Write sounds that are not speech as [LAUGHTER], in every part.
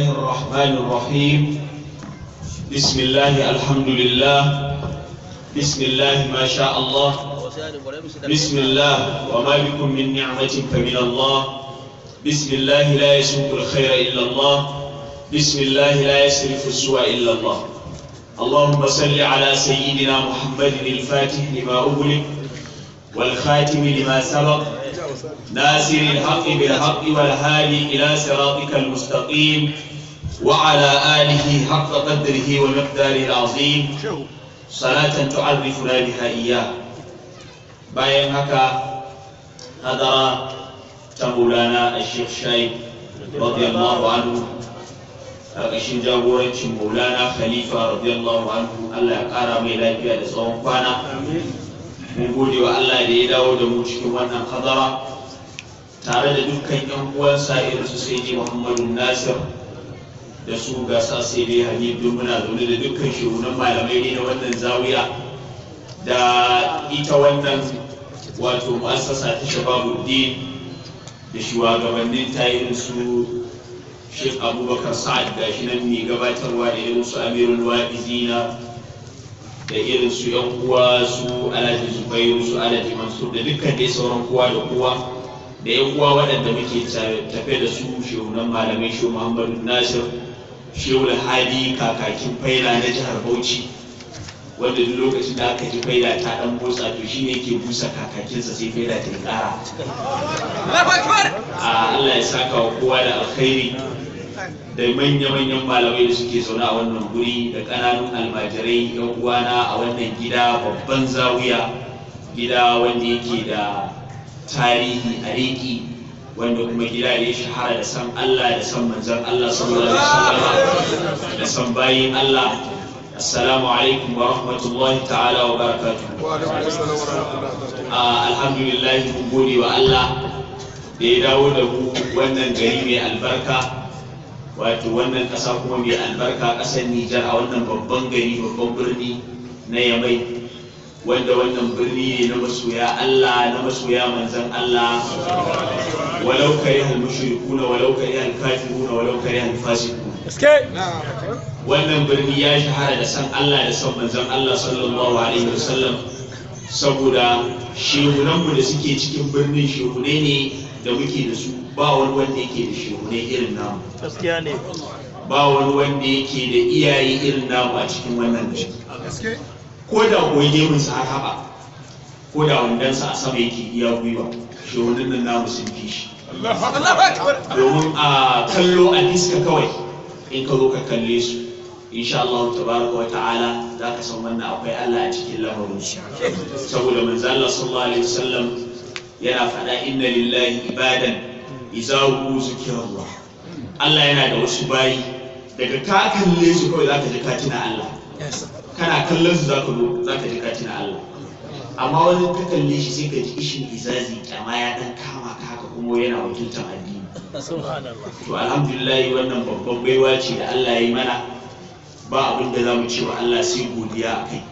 الله الرحمن الرحيم بسم الله الحمد لله بسم الله ما شاء الله بسم الله وما بكم من نعمة فمن الله بسم الله لا يسوق الخير إلا الله بسم الله لا يسرف السوء إلا الله اللهم صل على سيدنا محمد الفاتح لما أغلق والخاتم لما سبق ناصر الحق بالحق والهادي إلى صراطك المستقيم وعلى آله حق قدره ومقداره العظيم صلاة تعرفنا بها إياه باين هكا هدر تمولانا الشيخ شايب رضي الله عنه ƙarƙashin jagorancin maulana khalifa radiyallahu anhu Allah ya ƙara mai lafiya da tsawon kwana mun gode wa Allah da ya dawo da mu cikin wannan hadara tare da dukkan yan uwansa irin su sai ji Muhammadu Nasir da su ga sa sai dai hanyar duk muna zaune da dukkan shirunan malamai ne na wannan zawiya da ita wannan wato mu'asasa ta shababuddin da shugabannin ta irin su Abubakar Sa'ad da shi nan ne gabatarwa da irin su Amirul Wa'izina da irin su yan uwa su Alhaji Zubairu su Alhaji Mansur da dukkan dai sauran kowa da kowa da yan uwa waɗanda muke tafe da su shehunan malamai Shehu Muhammadu Nasir shehul hadi kakakin faila na jihar bauchi wanda duk lokacin da aka ji faila ta dan motsa to shine ke busa kakakinsa sai faila ta kara a Allah ya saka wa kowa da alkhairi da manya-manyan malamai da suke zaune a wannan guri da ƙananun almajirai yan uwana a wannan gida babban zawiya gida wanda yake da tarihi a riƙi wanda kuma gida ya shahara da san Allah da san manzan Allah sallallahu alaihi da san bayin Allah assalamu alaikum wa rahmatullahi ta'ala wa barakatu. Ah, alhamdulillah mun gode wa Allah da ya dawo da mu wannan gari mai albarka wato wannan ƙasa kuma mai albarka ƙasar Nijar a wannan babban gari babban birni na Yamai wanda wannan birni ne na masoya Allah na masoya manzan Allah walau kare hal mushrikuna walau kare hal kafiruna walau kare hal fasiqun wannan birni ya shahara da san Allah da san manzan Allah sallallahu alaihi wasallam saboda shehunanmu da suke cikin birnin shehune ne da muke da su ba wani wanda yake da shehune irin namu gaskiya ne ba wani wanda yake da iyaye irin namu a cikin wannan gaskiya ko da goyi gemun sa haka ba ko da wandan sa a sama yake iya gwiwa shi wannan nan namu sun fi shi domin a kallo a diska kawai in ka zo ka kalle su insha Allah tabaraka wa ta'ala za ka san wannan akwai Allah a cikin lamarin saboda manzo Allah sallallahu alaihi wasallam yana faɗa inna lillahi ibadan idza ruwa. Allah yana da wasu bayi daga ka kalle su kawai za ka ji ka tuna Allah kana kallon su zaka zo zaka ji kaci na Allah amma wani ka kalle shi sai ka ji ishin izazi kyama ya dan kama ka haka kuma yana wakiltar addini to alhamdulillah wannan babban baiwa ce da Allah ya yi mana ba abin da zamu ce wa Allah sai godiya a kai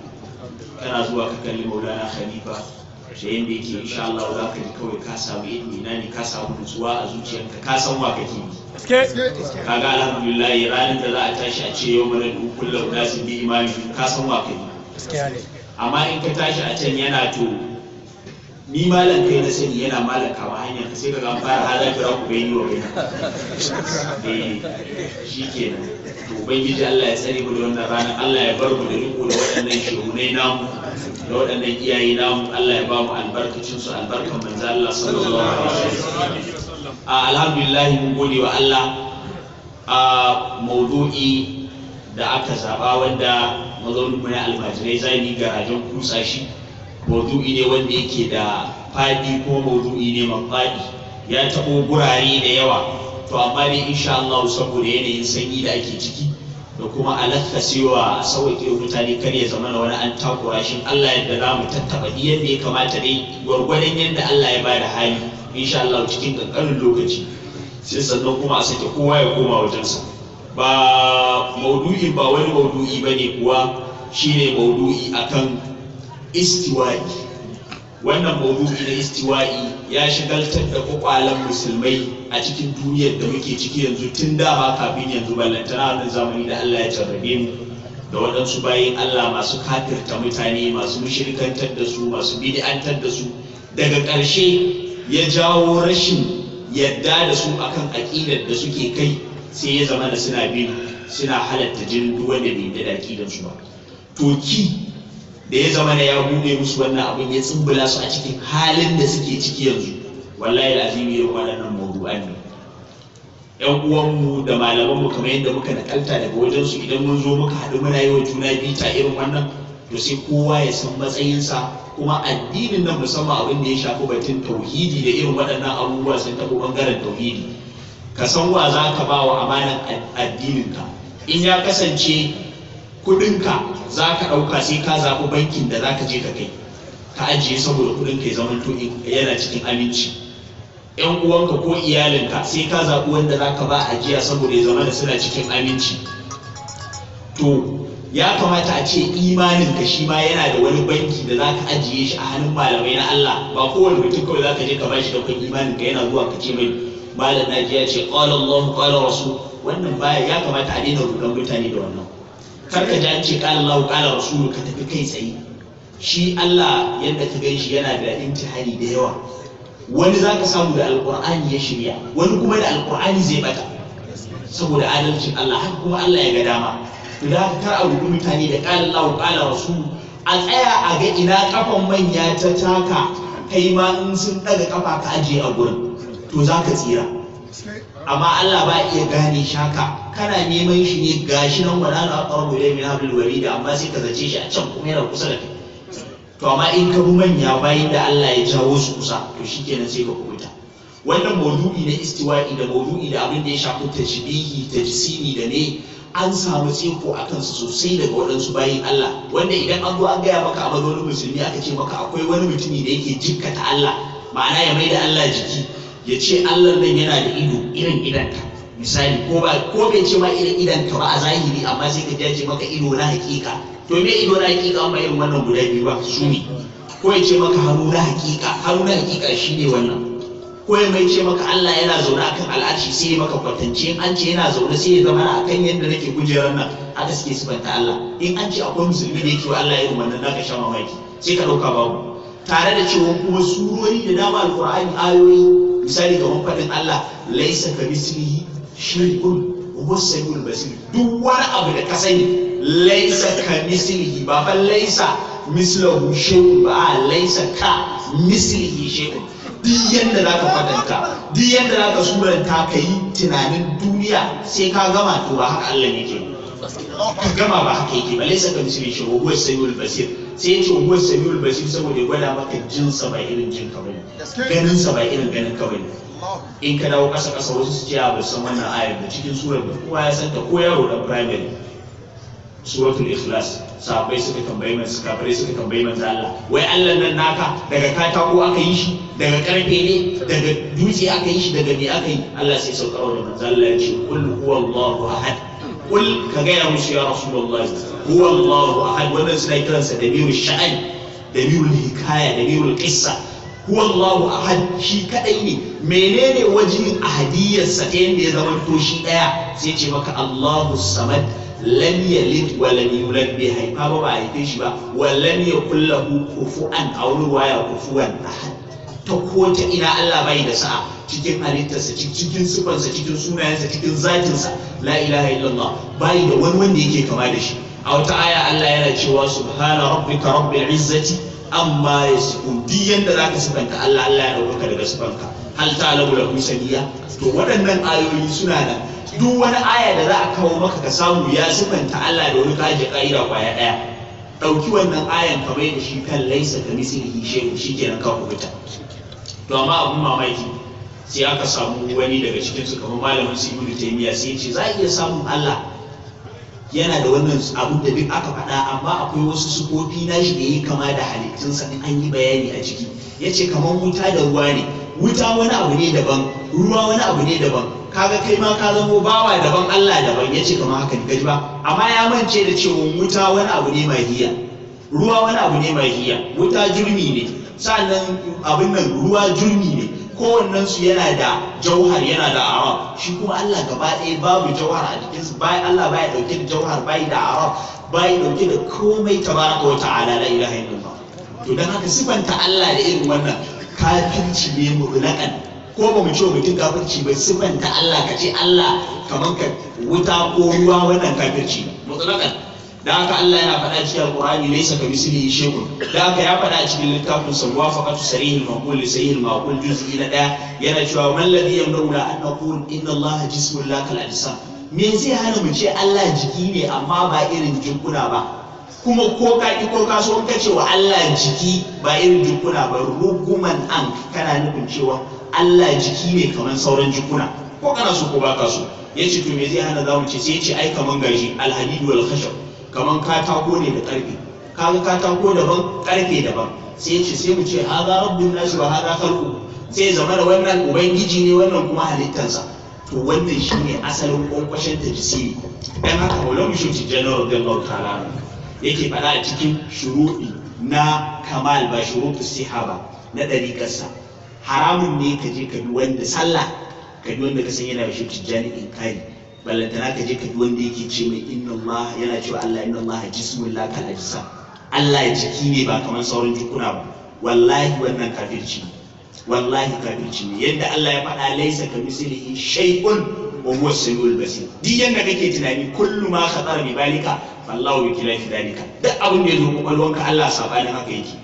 kana zuwa ka kalli Maulana Khalifa da yadda yake insha Allah za ka ji kawai ka samu ilimi na ne ka samu nutsuwa a zuciyarka ka san wa kake Ka ga alhamdulillah ranar da za a tashi a ce yau mana duk kullum da sun bi imami ka san wa kake amma in ka tashi a can yana to ni malam kai na sani yana malam kama hanyar, ka sai ka ga fara halar kira ku bai yi wa bai eh, shi kenan to ubangiji Allah ya tsare mu da wannan ranar Allah ya bar mu da riko da waɗannan shehunai namu da waɗannan iyaye namu Allah ya ba mu albarkacin su albarkan manzo Allah sallallahu alaihi wasallam alhamdulillah mun gode wa Allah a maudu'i da aka zaba wanda mazaunin mu na almajirai zani garajen kusa shi maudu'i ne wanda yake da fadi ko maudu'i ne mafadi ya taɓo gurare da yawa to amma dai insha Allah saboda yanayin sanyi da ake ciki da kuma alaka cewa a sauƙi mutane kar ya zama na wani an takura shi Allah yadda za mu tattaba yadda ya kamata dai gwargwadon yadda Allah ya bada hali insha Allah cikin kankanin lokaci sai sannan kuma a sake kowa ya koma wajensa ba maudu'i ba wani maudu'i bane kuwa shine maudu'i akan istiwa'i wannan maudu'i na istiwa'i ya shigaltar da kwakwalen musulmai a cikin duniyar da muke ciki yanzu tun dama kafin yanzu ballantana wannan zamani da Allah ya tarrabe mu da waɗansu bayan Allah masu kafirta mutane masu mushrikantar da su masu bid'antar da su daga ƙarshe ya jawo rashin yadda da su akan aƙidar da suke kai sai ya zama da suna bin suna halatta jinin duk wanda bai da aƙidar su ba to da ya zama na ya bude musu wannan abin ya tsimbula su a cikin halin da suke ciki yanzu wallahi azimi irin waɗannan ne yan uwanmu da malamanmu kamar yadda muka nakalta daga wajen su idan mun zo muka haɗu muna yi wa juna bita irin wannan to sai kowa ya san matsayinsa kuma addinin nan musamman abin da ya shafi batun tauhidi da irin waɗannan abubuwa sun taɓa ɓangaren tauhidi ka san wa za ka ba wa amanan addininka in ya kasance kudinka za ka ɗauka sai ka zaɓi bankin da za ka je ka kai ka ajiye saboda kudinka ya zama to yana cikin aminci yan uwanka ko iyalinka sai ka zaɓi wanda za ka ba ajiya saboda ya zama da suna cikin aminci to ya kamata a ce imanin ka shi ma yana da wani banki da za ka ajiye shi a hannun malamai na Allah ba kowane mutum kawai za ka je ka ba shi daukan imanin ka yana zuwa ka ce mai malam na ce qala Allah qala rasul wannan baya ya kamata a daina rudan mutane da wannan karka ji an ce qala Allahu ka tafi kai tsaye shi Allah yadda ka gan shi yana da intihani da yawa wani za ka samu da alkur'ani ya shirya wani kuma da alkur'ani zai bata saboda adalcin Allah haka kuma Allah ya ga dama da kar a rubu mutane da kala lawo kala wasu a tsaya a ga ina kafan manya ta taka kai ma in sun daga kafa ka ajiye a gurin to za ka tsira amma Allah ba iya gane shaka kana neman shi ne gashi nan wala na aqrabu ilayhi min hablil warid amma sai ka zace shi a can kuma yana kusa da kai to amma in ka bi manya bayan da Allah ya jawo su kusa to shikenan sai ka kubuta wannan maudu'i na istiwa'i da maudu'i da abin da ya shafi tajbihi tajsimi da ne an samu tsiko a kansu sosai daga waɗansu bayin Allah wanda idan an zo an gaya maka a mazaunin musulmi aka ce maka akwai wani mutumi da yake jikkata Allah ma'ana ya maida Allah jiki ya ce Allah nan yana da ido irin idanka misali ko ba ko bai ce ma irin idan ka ba a zahiri amma sai ka jace maka ido na hakika to me ido na hakika amma irin wannan guda biyu ba su ne ko ya ce maka hannu na hakika hannu na hakika shi ne wannan ko ya mai ce maka Allah yana zaune akan al'arshi sai ya maka kwatance an ce yana zaune sai ya zama akan yadda nake kujerar nan haka suke sifanta Allah in an ce akwai musulmi da yake wa Allah irin wannan zaka sha mamaki sai ka dauka babu tare da cewa kuma surori da dama alqur'ani ayoyi misali kamar faɗin Allah laisa ka mislihi shay'un wa sayyul basir duk wani abu da ka sani laisa ka mislihi ba fa laisa mislahu shay'un ba laisa ka mislihi shay'un duk yanda za ka duk yanda za ka suranta ka yi tunanin duniya sai ka gama to ba haka Allah ne ke ka gama ba haka yake ba laisa ka misali shi huwa basir sai ya ce huwa sayyul basir saboda ya gwada maka jinsa ba irin jin ka bane ganin sa ba irin ganin ka bane in ka dawo kasa ƙasa wasu su ce a san wannan ayar da cikin surar da kowa ya san ta ko yaro dan primary suratul ikhlas sahabbai suka tambayi man suka bare suka tambayi man Allah wai Allah nan naka daga katako aka yi shi daga karfe ne daga dutse aka yi shi daga me aka yi Allah sai saukar da manzo Allah ya ce kul huwallahu ahad kul ka gaya musu ya rasulullahi huwallahu ahad wannan suna kiransa da biyu sha'an da biyu hikaya da biyu qissa huwallahu ahad shi kadai ne menene wajen ahadiyarsa ɗayan da ya zama to shi ɗaya sai ce maka Allahu samad lam yalid wa lam yulad bai haifa ba ba haife shi ba wa lam yakul lahu kufuwan aw riwaya kufuwan ahad ta ko ta ina Allah bai da sa'a cikin halittarsa cikin sa, cikin sa, cikin zatinsa la ilaha illallah bai da wani wanda yake kama da shi a wata aya Allah yana cewa subhana rabbika rabbil izzati amma ya shigo duk yadda za ka sifanta Allah Allah ya rubuta daga sifanka hal ta lagu lahu saniya to waɗannan ayoyi suna da duk wani aya da za a kawo maka ka samu ya sifanta Allah da wani kaje ƙa'ida kwaya ɗaya ɗauki wannan ayan ka mai da shi kan laisa ka mislihi shehu shi kenan ka kubuta to amma abin mamaki sai aka samu wani daga cikinsu kamar malamin su ibnu taymiya sai ya ce za a iya samun Allah yana da wannan abu da duk aka faɗa amma akwai wasu sukofi na shi da ya kama da halittunsa in an yi bayani a ciki ya ce kamar wuta da ruwa ne wuta wani abu ne daban ruwa wani abu ne daban kaga kai ma ka zamo bawa daban Allah daban ya ce kamar haka ne gaji ba amma ya mance da cewa wuta wani abu ne mai hiya ruwa wani abu ne mai hiya wuta jirmi ne sannan abin nan ruwa jirmi ne kowannen su yana da jauhar yana da arab shi kuma Allah gaba ɗaya babu jauhar a jikin su bai Allah bai dauke da jauhar bai da arab bai dauke da komai tabaraka wa ta'ala la ilaha illallah to dan haka sifanta Allah da irin wannan kafirci ne mutlaqan ko ba mu ce mutum kafirci bai sifanta Allah ka ce Allah kamar ka wuta ko ruwa wannan kafirci mutlaqan da haka Allah yana faɗa cikin alqur'ani laysa ka mislihi shay'un da haka ya faɗa cikin littafin sa wafaqatu sarihil maqul li sarihil maqul juz'i na daya yana cewa man ladhi yamna'u la an naqul inna Allah jismun la kal me zai hana mu ce Allah jiki ne amma ba irin jikuna ba kuma ko ka ki ko ka so ka ce wa Allah jiki ba irin jikuna ba ruguman an kana nufin cewa Allah jiki ne kamar sauran jikuna ko kana so ko baka so ya to me zai hana zamu ce sai ya ce ai kaman gashi alhadidu wal khashab kamar katako ne da karfe kaga katako daban karfe daban sai ce sai mu ce haza rabbun nashi wa haza khalqu sai zama da wannan ubangiji ne wannan kuma halittarsa. to wannan shine asalin kwankwashin ta jisiri dan haka maulana mushimci general dan ta'ala yake faɗa a cikin shuruɗi na kamal ba shuruɗu siha ba na ɗariƙarsa haramun ne ka je ka bi wanda sallah ka bi wanda ka san yana da shi tijjani in kari ballantana ka je ka bi wanda yake ce mai innan Allah yana cewa Allah inna Allah jismun la kal ajsa Allah jiki ne ba kamar sauran jikuna ba wallahi wannan kafirci wallahi kafirci ne yadda Allah ya faɗa laisa ka mislihi shay'un wa huwa samiul basir duk yanda kake tunani kullu ma khatara bi balika fallahu bi kilafi dalika duk abin da ya zo kwakwalwanka Allah sabanin haka yake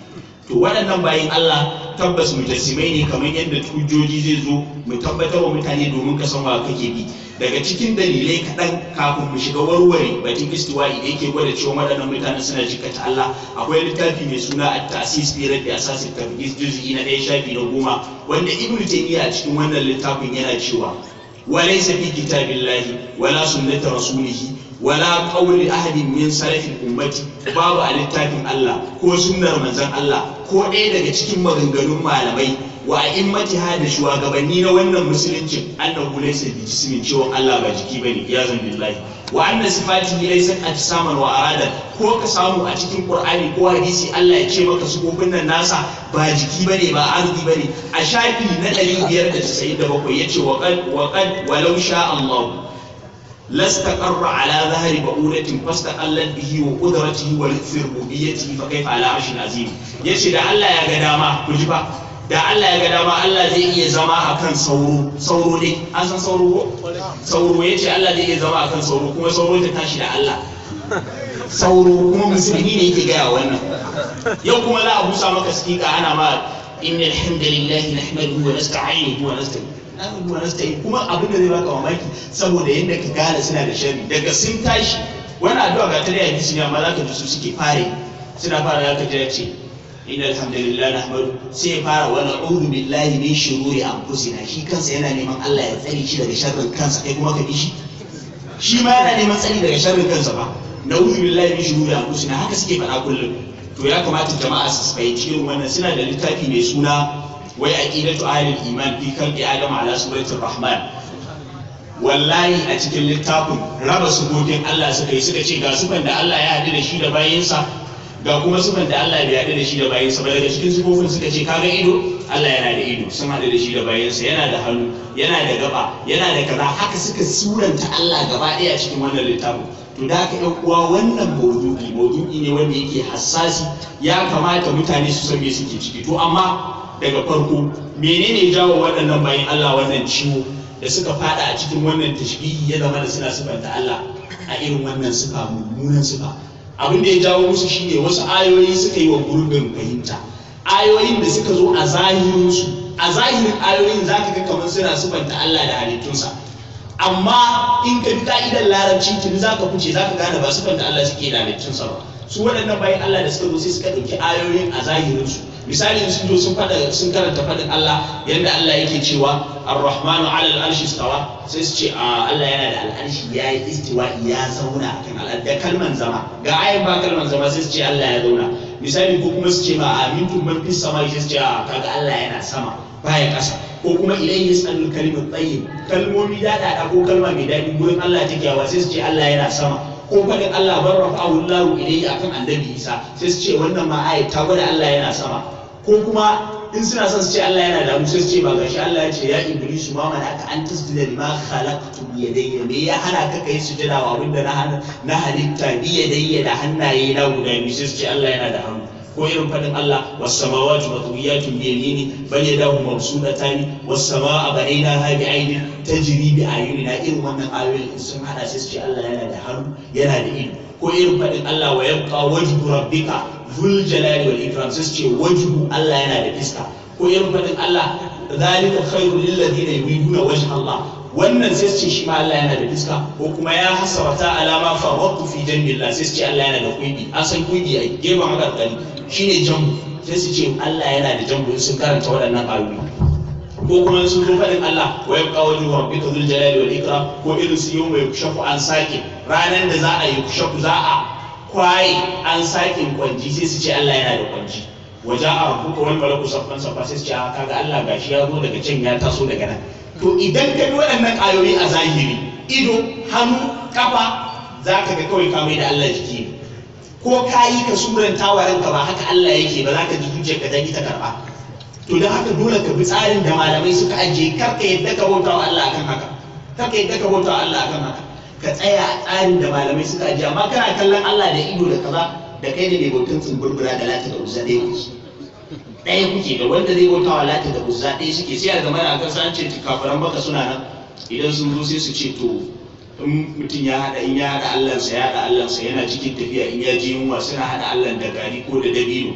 to waɗannan bayan Allah tabbas mutassimai ne kamar yadda tujoji zai zo mu tabbatar wa mutane domin ka san wa kake bi daga cikin dalilai kaɗan kafin mu shiga warware bakin istiwa'i idan yake gwada cewa waɗannan mutane suna jikata Allah akwai littafi mai suna a tasis fi rabbi asasin tabgis juz'i na ɗaya shafi na goma wanda ibn taymiya a cikin wannan littafin yana cewa wa laysa fi kitabillahi wala sunnati rasulihi wala qawli ahadin min salafi ummati babu a littafin Allah ko sunnar manzon Allah ko ɗaya daga cikin maganganun malamai wa in majiha da shugabanni na wannan musulunci annahu laysa bi jismin cewa Allah ba jiki bane ya zan billahi wa anna sifatihi a ajsaman wa arada ko ka samu a cikin qur'ani ko hadisi Allah ya ce maka su nan nasa ba jiki bane ba arzi bane a shafi na 597 yace wa qad wa qad walau sha Allah wa على ظهر بؤولة فاستقلت به وقدرته ولث ربوبيته فكيف على yace da allah ya ga dama كجبا da Allah ya ga dama Allah zai iya zama akan sauro sauro ne an san sauro ko sauro ya ce Allah zai iya zama akan sauro kuma sauro ta tashi da Allah sauro kuma musulmi ne yake gaya wannan yau kuma za a busa maka sikika ana ma inna alhamdulillahi nahmaduhu wa nasta'inuhu wa nastaghfiruh na wa nasta'in kuma abin da zai baka mamaki saboda yadda ka gane suna da shari daga sun tashi wani addu'a ga tare ya ne amma za ka ji su suke fare suna fara za ka ji ya ce inna alhamdulillah nahmadu sai fara wani a'udhu billahi min shururi anfusina shi kansa yana neman Allah ya tsare shi daga sharrin kansa kai kuma ka bi shi shi ma yana neman tsari daga sharrin kansa ba na'udhu billahi min shururi anfusina haka suke faɗa kullum to ya kamata jama'a su fahimci irin wannan suna da littafi mai suna wai aqidatu ahlil iman fi khalqi adam ala suratul rahman wallahi a cikin littafin raba sukokin Allah suka yi suka ce ga sukan da Allah ya haɗu da shi da bayansa. ga kuma sifan da Allah bai haɗu da shi da bayansa ba daga cikin sifofin suka ce kaga ido Allah yana da ido sun haɗu da shi da bayansa yana da hannu yana da gaba yana da kaza haka suka suranta Allah gaba ɗaya cikin wannan littafin to da ka yan uwa wannan maudu'i maudu'i ne wanda yake hassasi ya kamata mutane su san me suke ciki to amma daga farko menene ya jawo waɗannan bayan Allah wannan ciwo da suka fada a cikin wannan tashbihi ya zama da suna sifanta Allah a irin wannan sifa mummunan sifa abin da ya jawo musu shi ne wasu ayoyi suka yi wa gurbin fahimta ayoyin da suka zo a zahirinsu a zahirin ayoyin za ka ga kamar suna sufanta Allah da halittunsa amma in ka bi ka'idar larabci tun za ka fice za ka gane ba sifanta Allah suke da halittunsa ba su waɗannan bayan Allah da suka zo sai suka ɗauki ayoyin a zahirinsu misali sun zo sun fada sun karanta fadin Allah yadda Allah yake cewa ar-rahmanu 'ala al-arshi istawa sai su ce ah, Allah yana da al'arshi. ya yi istiwa ya zauna akan al da kalman zama ga ayin ba kalman zama sai su ce Allah ya zauna misali ko kuma su ce ma a ah, man fi sama sai su ce ah, kaga Allah yana sama baya kasa ko kuma idan yasalul kalimat tayyib kalmomi da ko kalma mai daɗi gurin Allah take yawa sai su ce Allah yana sama ko faɗin Allah bar rafa'ahu Allahu ilayhi akan annabi Isa sai su ce wannan ma ayi ta gwada Allah yana sama ko kuma in suna son su ce Allah yana damu sai su ce ba gashi Allah ya ce ya Iblisu ma mana ka an tasjuda ma khalaqtu bi yadayya me ya hana ka kai sujada wa abinda na na halitta bi yadayya da hannaye na guda biyu sai su ce Allah yana da hannu ko irin fadin Allah was-samawati matwiyatun bi yamini bal Wasama a was-samaa banaynaha bi aydin tajri bi na irin wannan ayoyin sun haɗa sai su ce Allah yana da hannu yana da ido ko irin fadin Allah wa yabqa wajhu rabbika dhul jalali wal ikram sai su ce wajhu Allah yana da iska. ko irin fadin Allah zalika khairul lil ladina yuriduna wajha Allah wannan sai su ce shi ma Allah yana da iska ko kuma ya hasarata alama fa waqtu fi jannillah sai su ce Allah yana da a san kuɗi a gefen hakarkari shine jambu sai su ce Allah yana da jambu sun karanta waɗannan ayoyi ko kuma sun zo faɗin Allah wa ya kawo ni wa bika jalali ikram ko irin su yau mai kushaku an sake ranar da za a yi kushaku za a kwaye an sake kwanji sai su ce Allah yana da kwanji waje a ko wani malaku saffan saffa sai su ce kaga Allah gashi ya zo daga can ya taso daga nan to idan ka bi waɗannan ayoyi a zahiri ido hannu kafa za ka ga kawai kamai da Allah jiki ko ka yi ka suran tawarin ka ba haka Allah yake ba za ka ji zuciyar ka ta karba to da haka dole ka bi tsarin da malamai suka ajiye kar ka yadda ka bauta wa Allah akan haka kar ka yadda ka bauta wa Allah akan haka ka tsaya a tsarin da malamai suka ajiye amma kana kallon Allah da ido da kaza da kai da mai bautan tsumburbura da lati da uzza dai kuke ɗaya kuke da wanda zai bauta wa lati da uzza ɗaya suke sai a zama a kan an ce kafiran baka suna nan idan sun zo sai su ce to in mutum ya haɗa, in ya haɗa allansa ya haɗa allansa yana cikin tafiya in ya ji yunwa suna haɗa allan da gari ko da dabino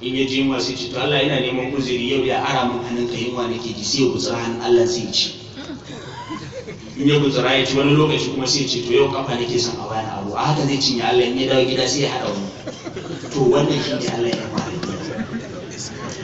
in ya ji yunwa sai ce to Allah yana neman uzuri yau ya ara mun hannun ka yunwa nake ji sai ya gutsura hannun Allah sai ci in ya gutsura ya ci wani lokaci kuma sai ce to yau kafa nake son a bani abu a haka zai cinye Allah in ya dawo gida sai ya haɗa wani to wannan shi ne Allah ya mahaifiyar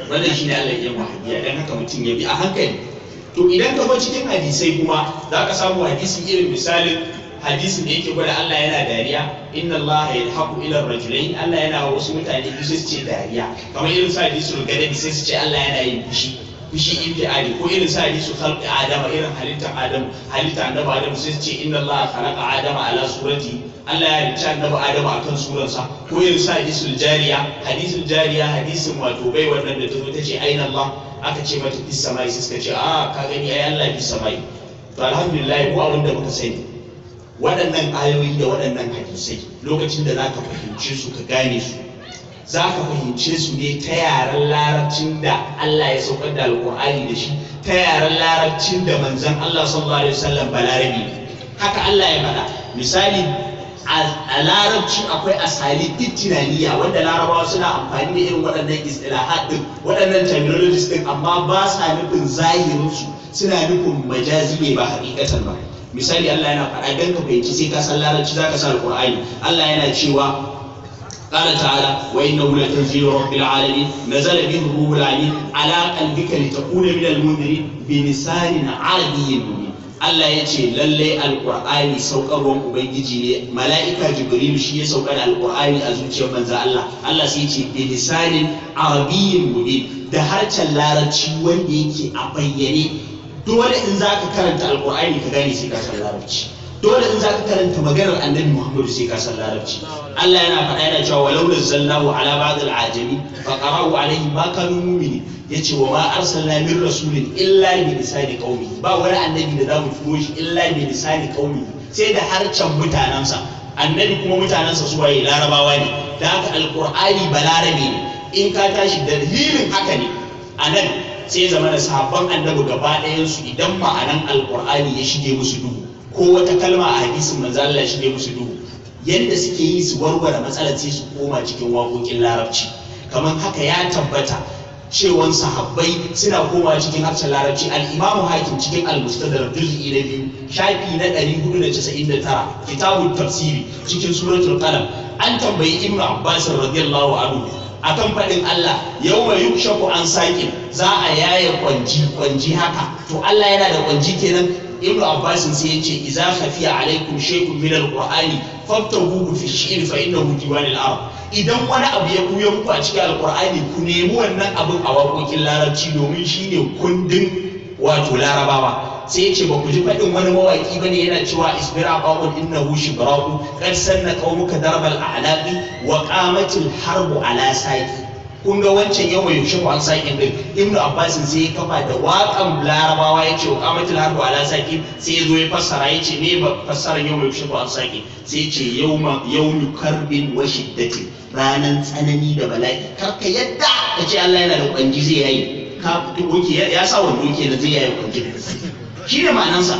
wannan shi ne Allah ya mahaifiyar dan haka mutum ya bi a hankali to idan ka bar cikin hadisai kuma za ka samu hadisi irin misalin hadisin da yake gwada Allah yana dariya inna Allah yadhaku ila rajulai. Allah yana wa wasu mutane su ce dariya kamar irin sa hadisul gadani sai su ce Allah yana yin fushi fushi ibtiali ko irin sa hadisu khalqi adama irin halittar Adamu, halitta annabi Adamu sai su ce inna allaha khalaqa adama ala surati Allah ya halicci annabi adam akan suransa. ko irin sa hadisul jariya hadisul jariya hadisin wato bai wannan da ta ta ce aina allah aka ce mata fi samai sai suka ce a ah, ka gani ai Allah fi samai to alhamdulillah ko abin da muka sani waɗannan ayoyi da waɗannan hadisai lokacin da zaka fahimce su ka gane su zaka fahimce su ne ta yaren larabcin da Allah ya saukar da alƙur'ani da shi ta yaren larabcin da manzon Allah sallallahu alaihi wasallam balarabi haka Allah ya faɗa misali a larabci akwai asali tunaniya. wanda larabawa suna amfani da irin waɗannan istilahat din waɗannan terminologies din amma ba sa nufin zahirin suna nufin majazi ne ba hakikatan ba misali Allah yana faɗa dan ka fahimci sai ka san larabci zaka san alqur'ani Allah yana cewa قال تعالى وانه لتنزيل رب العالمين نزل به الروح العليم على قلبك لتكون من المنذرين بلسان عربي مبين Allah ya ce lallai alƙur'ani saukarwan ubangiji ne mala'ika jibrilu shi ya sauka da alƙur'ani a zuciyar manzo Allah Allah sai ya ce bilisanin arabiyyin mubin da harshen larabci wanda yake a bayyane dole in zaka karanta alƙur'ani ka gane sai ka san larabci dole in za ka karanta maganar annabi muhammadu sai ka san larabci allah yana faɗa yana cewa walau da zallahu ala al ajami fa qara'u alayhi ma kanu mu'mini yace wa ma arsalna min rasulin illa bi lisani qaumi ba wani annabi da zamu tuno shi illa bi lisani qaumi sai da harcen mutanansa annabi kuma mutanansa su waye larabawa ne da haka alqur'ani balarabe ne in ka tashi dalilin haka ne a nan sai zama da sabon annabi gaba ɗayansu idan ma'anan alqur'ani ya shige musu duhu ko wata kalma a hadisin manzo Allah shi ne musu duhu yadda suke yi su warware matsalar sai su koma cikin waƙoƙin larabci kamar haka ya tabbata cewan sahabbai suna koma cikin harshen larabci al imam hakim cikin al-mustadrak juz'i na biyu shafi na 499 kitabun tafsiri cikin suratul qalam an tambayi ibnu abbas radiyallahu anhu akan faɗin Allah yau mai yukshaku an saƙi. za a yaye kwanji kwanji haka to Allah yana da kwanji kenan ibnu abbasin sai yace idza khafiya alaikum shay'un min alqur'ani fabtahuhu fi In fa innahu diwan idan wani abu ya kuyo muku a cikin alkur'ani ku nemi wannan abin a waƙoƙin larabci domin shine kundin wato larabawa sai ce ba ku ji faɗin wani mawaƙi ba ne yana cewa isbira qawmun innahu shibraku qad sanna qaumuka darbal alaƙi wa qamatil harbu ala saqi kun ga wancan yau mai shi kwan sakin din ibnu abbas sai ya kafa da waƙan larabawa ya ce wa kamatul harbu ala saki sai ya zo ya fassara ya ce ne ba fassara yau mai shi kwan saki sai ya ce yau mu karbin wa shiddati ranan tsanani da bala'i karka yadda ka ce Allah yana da kwanji zai yayi ka fito ya sa wando da zai yayi kwanji shi ne ma'anansa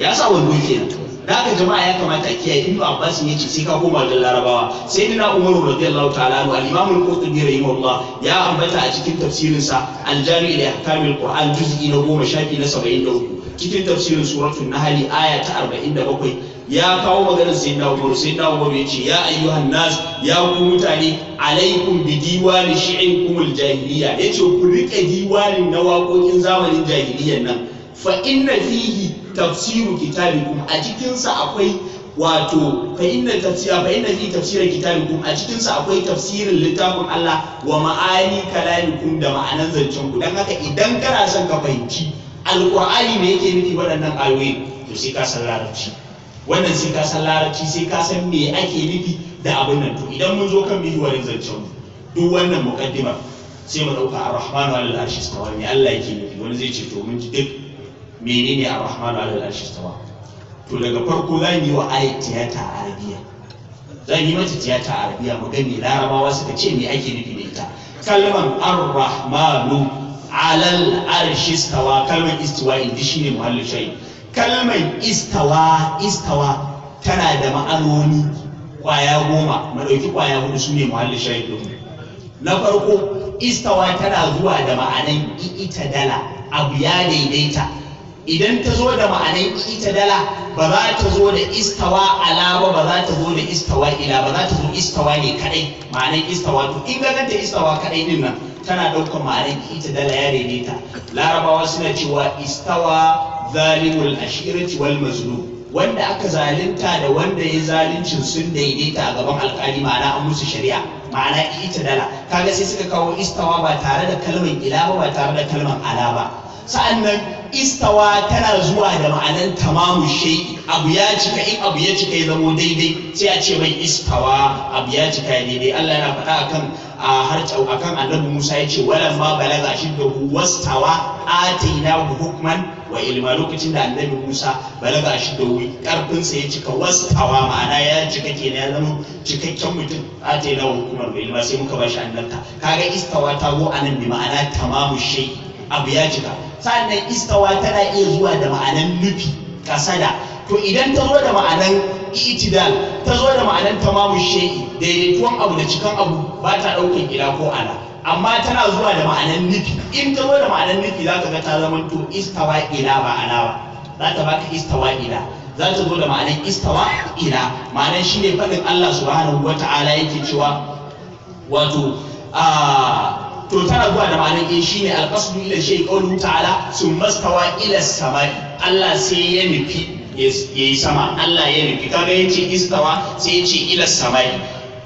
ya sa wando kenan da haka jama'a ya kamata kiyaye ibnu abbas ne ce sai ka koma da larabawa sai dina umaru radiyallahu ta'ala anhu al-imam al-qurtubi rahimahullah ya ambata a cikin tafsirin sa al-jami' ila ahkamil qur'an juz'i na 10 shafi na 73 cikin tafsirin suratul nahl aya ta 47 ya kawo maganar sayyidina sai sayyidina Umar ya ce ya ayyuhan nas ya ku mutane alaikum bi diwani shi'inkum al-jahiliya yace ku rike diwanin na waƙoƙin zamanin jahiliyyar nan fa inna fihi tafsiru kitabikum a sa akwai wato fa inna tafsira fa inna fi tafsira kitabikum a cikin sa akwai tafsirin littafin Allah wa ma'ani kalamikum da ma'anan zancen ku dan haka idan kana son ka fahimci alqur'ani ne yake nufi waɗannan ayoyi to sai ka san larabci wannan sai ka san larabci sai ka san me ake nufi da abin nan to idan mun zo kan bidiyoyin zancen duk wannan muqaddima sai mu dauka ar-rahmanu alal arshi Allah yake nufi wani zai ce to mun ji duk menene a rahmanu ala al-arshi to daga farko za mu yi wa ayat tiyata a arabiya za mu yi mata tiyata a arabiya mu larabawa suka ce me ake nufi da ita kalman ar-rahmanu ala al-arshi istawa kalman istawa in ji shine muhallin shayi kalman istawa istawa tana da ma'anoni kwaya goma mu ɗauki kwaya hudu su ne muhallin shayi na farko istawa tana zuwa da ma'anan ita dala abu ya daidaita idan ta zo da ma'anin ita dala ba za ta zo da istawa alawa ba za ta zo da istawa ila ba za ta zo istawa ne kadai ma'anin istawa to in ga ta istawa kadai din nan tana ɗaukar ma'anin ita dala ya daidaita larabawa suna cewa istawa zalimul ashirati wal mazlum wanda aka zalunta da wanda ya zaluncin sun daidaita a gaban alkali ma'ana an musu shari'a ma'ana ita dala kaga sai suka kawo istawa ba tare da kalmar ila ba ba tare da kalmar ala ba sa'annan istawa tana zuwa da ma'anan tamamu shai abu ya cika in abu ya cika ya zamo daidai sai a ce mai istawa abu ya cika ya daidai Allah yana faɗa akan a harcau akan annabi Musa ya ce walan ma balaga shi da wastawa ataina hukman wa ilma lokacin da annabi Musa balaga shi da karfin sa ya cika wastawa ma'ana ya cika kenan ya zama cikakken mutum ataina hukman wa ilma sai muka bashi annabta kaga istawa ta go anan bi ma'ana tamamu shai abu ya cika sannan istawa tana iya zuwa da ma'anan nufi kasada to idan ta zo da ma'anan itidal ta zo da ma'anan tamamu da daidaituwan abu da cikan abu ba ta ɗaukan ila ko ala amma tana zuwa da ma'anan nufi in ta zo da ma'anan nufi za ka ga ta zama to istawa ila ba ba, za ta baka istawa ila za ta zo da ma'anan istawa ila ma'anan shine faɗin Allah subhanahu wata'ala yake cewa wato a ah, to tana zuwa da ma'anar in eh shine alqasdu ila shay qawluhu ta'ala summa stawa ila samai Allah sai ya nufi ya yi sama Allah ya nufi kaga ce istawa sai ya ce ila samai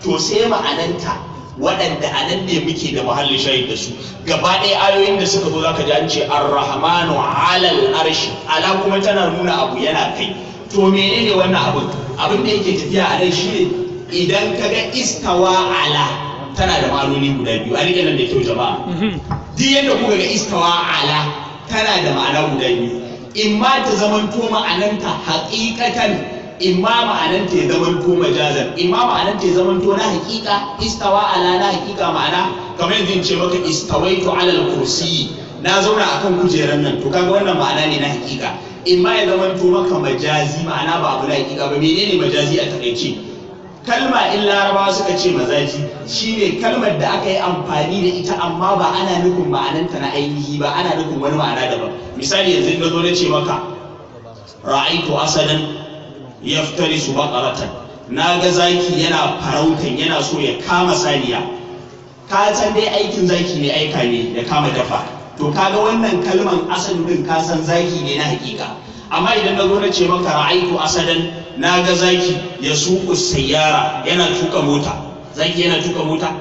to sai ma'ananta waɗanda a nan ne muke da muhallin shayin da su gaba ɗaya ayoyin da suka zo za ka ji an ce arrahmanu alal arshi ala kuma tana nuna abu yana kai to menene wannan abun? abin da yake tafiya a nan shine idan ka ga istawa ala tana da ma'anoni guda biyu a riƙe nan da kyau jama'a mhm. duk yadda kuka ga istawa ala tana da ma'ana guda biyu ma ta zamanto ma'ananta haƙiƙatan ma ma'ananta ya zamanto majazan ma ma'ananta ya zamanto na haƙiƙa istawa ala na haƙiƙa ma'ana kamar yanzu in ce maka istawaitu ala al-kursi na zauna akan kujerar nan to kaga wannan ma'ana ne na haƙiƙa ma ya zamanto maka majazi ma'ana ba abu na haƙiƙa ba menene majazi a taƙaice kalma in Laraba suka ce mazaji shine kalmar da aka yi amfani da ita amma ba ana nufin ma'ananta na ainihi ba ana nufin wani ma'ana daban misali yanzu na zo na ce maka ra'aitu asadan yaftarisu baqaratan na ga zaki yana farautan yana so ya kama saniya ka san dai aikin zaki ne aika ne ya kama dafa to kaga wannan kalman asalin ka san zaki ne na hakika amma idan na zo na ce maka ra'aitu asadan na ga zaki ya suku sayara, yana tuka mota zaki yana tuka mota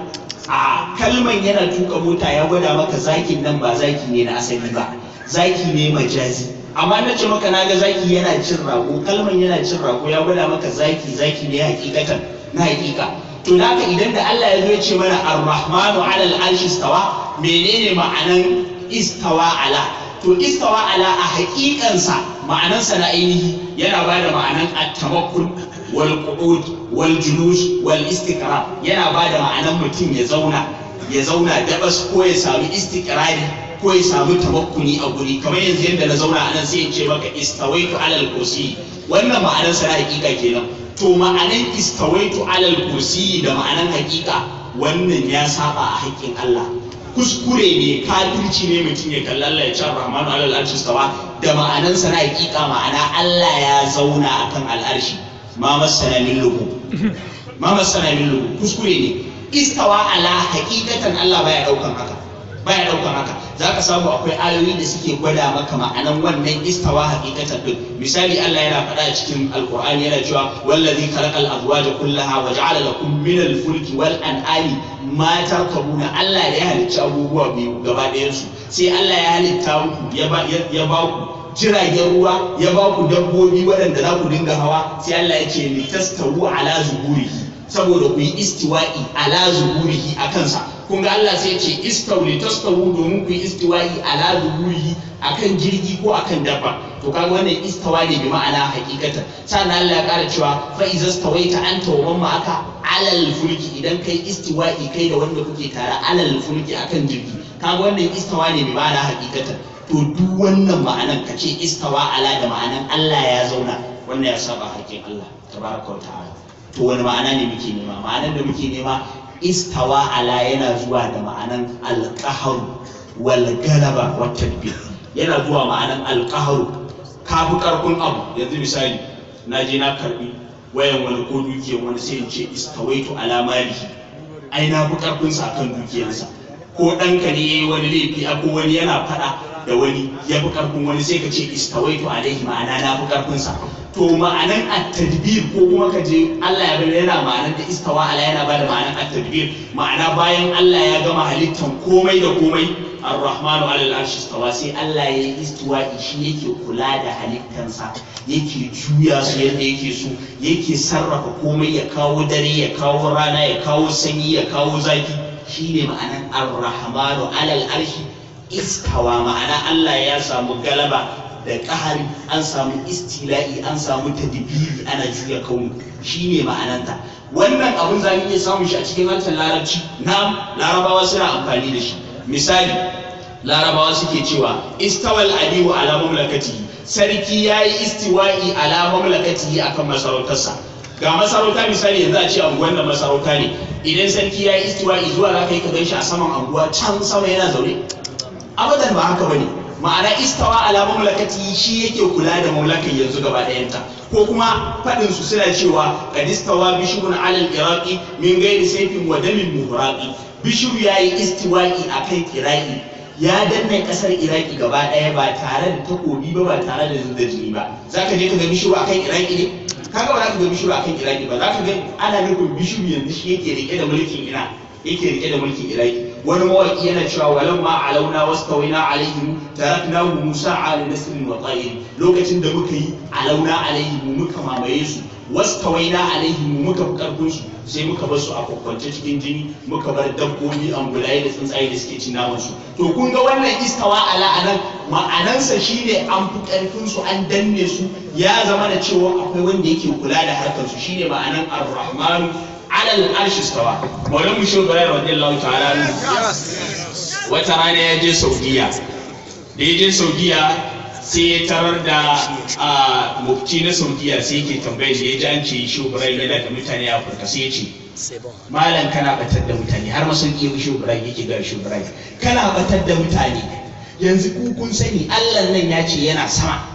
a kalman yana tuka mota ya gwada maka zakin nan ba zaki ne na asali ba zaki ne majazi amma na ce maka na ga zaki yana cin rago kalman yana cin rago ya gwada maka zaki zaki ne hakikatan na hakika to naka idan da Allah ya zo ya ce mana ar-rahmanu alal arshi istawa menene ma'anan istawa ala to istawa ala a hakikansa ma'anansa na ainihi yana ba da ma'anan at-tawakkul wal qu'ud wal julus wal istiqrar yana ba da ma'anan mutum ya zauna ya zauna dabas ko ya samu istiqrari ko ya samu tawakkuli a guri kamar yanzu yadda na zauna anan sai in ce maka istawaitu alal kursi wannan ma'anar sa hakika kenan to ma'anan istawaitu alal kursi da ma'anan hakika wannan ya saba a haƙƙin Allah kuskure ne kafirci ne mutum ya kalli Allah ya ce Rahman alal arshi sawa da ma'anansa na hakika ma'ana Allah ya zauna akan al'arshi ma masana min ma masana min kuskure ne istawa ala hakikatan Allah baya daukan haka baya ɗaukar haka za ka samu akwai ayoyi da suke gwada maka ma'anan wannan istawa hakikatan din misali Allah yana faɗa a cikin alkur'ani yana cewa wallazi khalaqal azwaja kullaha wa ja'ala lakum minan fulki wal an'ami ma tarkabuna Allah da ya halicci abubuwa biyu gaba ɗayan su sai Allah ya halitta muku ya ba ya ba ku jiragen ruwa ya ba ku dabbobi waɗanda za ku dinga hawa sai Allah ya ce litastawu ala zuburihi saboda ku yi istiwa'i ala zuburihi akan sa kun ga Allah sai ce istawli tastawu domin ku yi istiwa'i ala dubuyi akan jirgi ko akan dabba to kaga wannan istawa ne bi ma'ana hakikata, sannan Allah ya kara cewa fa iza stawaita anta wa mamma aka alal fulki idan kai istiwa'i kai da wanda kuke tare alal fulki akan jirgi kaga wannan istawa ne bi ma'ana hakikata, to duk wannan ma'anan ka ce istawa ala da ma'anan Allah ya zauna wannan ya saba hakkin Allah tabaraka wa ta'ala to wani ma'ana ne muke nema ma'anar da muke nema istawa ala yana zuwa da ma'anan alƙaharu wal galaba wat yana zuwa ma'anan alƙaharu. ka fi ƙarfin abu yanzu misali na je na karbi wayan wani ko dukiya wani sai in ce istawaitu ala malihi ai na fi ƙarfin sa kan dukiyarsa ko ɗanka ne yayi wani laifi ko wani yana faɗa da wani ya fi ƙarfin wani sai ka ce istawaitu alaihi ma'ana na fi ƙarfin sa to ma'anan at-tadbir ko kuma ka je Allah ya bari yana ma'anar da istawa ala yana bada ma'anan at-tadbir ma'ana bayan Allah ya gama halittan komai da komai ar-rahmanu alal al istawa sai Allah ya yi istiwa shi yake kula da halittansa yake juya su yadda yake so yake sarrafa komai ya kawo dare ya kawo rana ya kawo sanyi ya kawo zafi shine ma'anan ar-rahmanu alal al istawa ma'ana Allah ya samu galaba da ƙahari an samu istila'i an samu tadbiri ana juya shi shine ma'ananta wannan abun za mu iya samun shi a cikin hantar larabci na larabawa suna amfani da shi misali larabawa suke cewa istawal aliyu ala mamlakati sarki ya yi istiwa'i ala mamlakati akan masarautarsa ga masarauta misali yanzu a ce anguwan da masarauta ne idan sarki ya yi istiwa'i zuwa za ka yi ka gan shi a saman anguwa can sama yana zaune abadan ba haka ba ne. ma'ana istawa ala mamlakati shi yake kula da mamlakan yanzu gaba ɗayanta ko kuma faɗin su suna cewa kad istawa bishirun alal iraqi min ghairi sayfin wa damin muhraqi bishir yayi istiwa'i akan iraqi ya danna kasar iraki gaba ɗaya ba tare da takobi ba ba tare da zuba jini ba za ka je ka ga a akan iraki ne kaga ba za ka ga a akan iraki ba za ka ga ana nufin bishiru yanzu shi yake rike da mulkin ina yake rike da mulkin iraki wani mawaki yana cewa walau ma alauna wastawaina alaihim taraknahu musa da nasirin wa qayyim lokacin da muka yi a launa alaihim muka mamaye su wasu wastawaina alaihim muka fi karfin su sai muka bar su a kwakwance cikin jini muka bar dabbobi angulaye da tsuntsaye da suke cin naman su to kun ga wannan istawa ala anan ma'anansa shine an fi karfin su an danne su ya zama da cewa akwai wanda yake kula da harkar su shine ma'anan ar-rahmanu alal arshi stawa bari mu shi bayar radiyallahu ta'ala wata rana ya je saudiya da ya je saudiya sai ya tarar da a mufti na saudiya sai yake tambayar da ya ji an ce shi yana da mutane a afirka sai ya ce malam kana batar da mutane har ma sun ke shi yake ga shi kana batar da mutane yanzu ku kun sani allah nan ya ce yana sama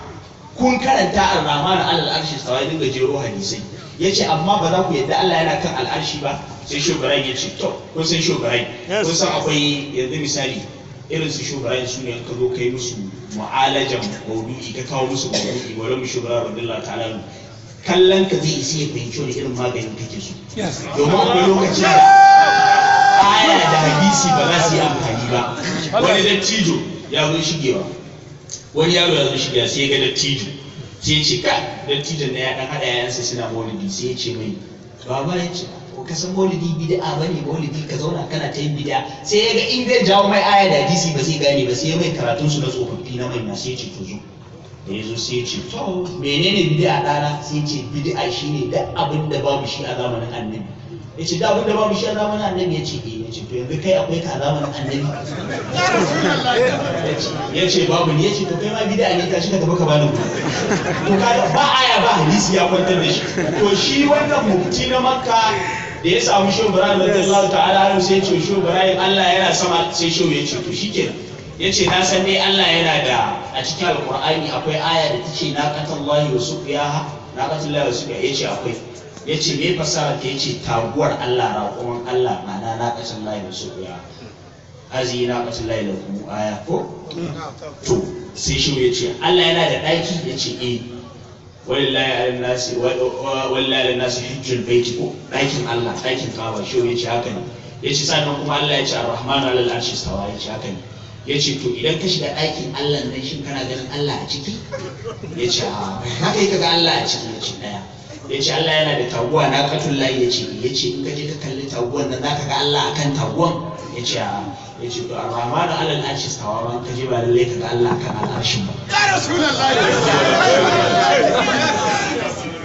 kun karanta al-rahman al-arshi stawa dinga jero hadisai ya ce amma ba za ku yadda Allah yana kan al'arshi ba sai shugaban ya ce to ko sai shugaban ko san akwai yanzu misali irin su shugaban su ne ka zo kai musu mu'alajan maudu'i ka kawo musu maudu'i wala mu shugaban radiyallahu ta'ala kallon ka zai isi ya fahimci wani irin maganin kake so domin akwai lokacin da aya da hadisi ba za su yi amfani ba wani dattijo ya zo shigewa wani yaro ya zo shigewa sai ya ga dattijo ce ka don tijan na ya dan haɗa yayansa suna maulidi sai ya ce mai baba ya ce ko ka san maulidi bid'a bane maulidi ka zauna kana ta yin bid'a sai ya ga in zai jawo mai aya da hadisi ba zai gane ba sai ya mai karatun su na tsofaffi na manya sai ya ce to zo da ya zo sai ya ce to menene bid'a ɗana sai ya ce bid'a shine duk abin da babu shi a zamanin annabi ya ce da abin da babu shi a zamanin annabi ya ce eh ya ce to yanzu kai akwai ka zamanin annabi ya ce babu ne ya ce to kai ma bida ne shi ka tafi ka bani to kaga ba aya ba hadisi ya kwantar da shi to shi wannan mufti na makka da ya samu shehu ibrahim Allah ta'ala ya ce ce shi ibrahim Allah yana sama sai shi ya ce to shikenan ya ce na san dai Allah yana da a cikin alqur'ani akwai aya da take na qatallahi wa suqiyaha na qatallahi wa suqiyaha ya ce akwai ya ce me fasa ta ya ce taguwar Allah raƙon Allah ma'ana na ƙasar layi da su ya azi na ƙasar layi da kuma aya ko to sai shi ya ce Allah yana da ɗaki ya ce e eh. wani alin nasi walillahi alin nasi hijjul baiti ko ɗakin Allah ɗakin kawa shi ya ce haka ne ya ce sannan kuma Allah ya ce arrahmanu alal arshi stawa ya ce haka ne ya ce to idan ka shiga ɗakin Allah nan shin kana ganin Allah a ciki ya ce a haka yi ka ga Allah a ciki ya ce ɗaya ya ce Allah yana da taguwa na katun layi ya ce ya ce in kaje ka kalli taguwan nan zaka ga Allah akan taguwan ya ce a ah. ya ce to arrahmanu alal arshi sawa man kaje ba lallai ka ga Allah akan al'arshin ba ya rasulullahi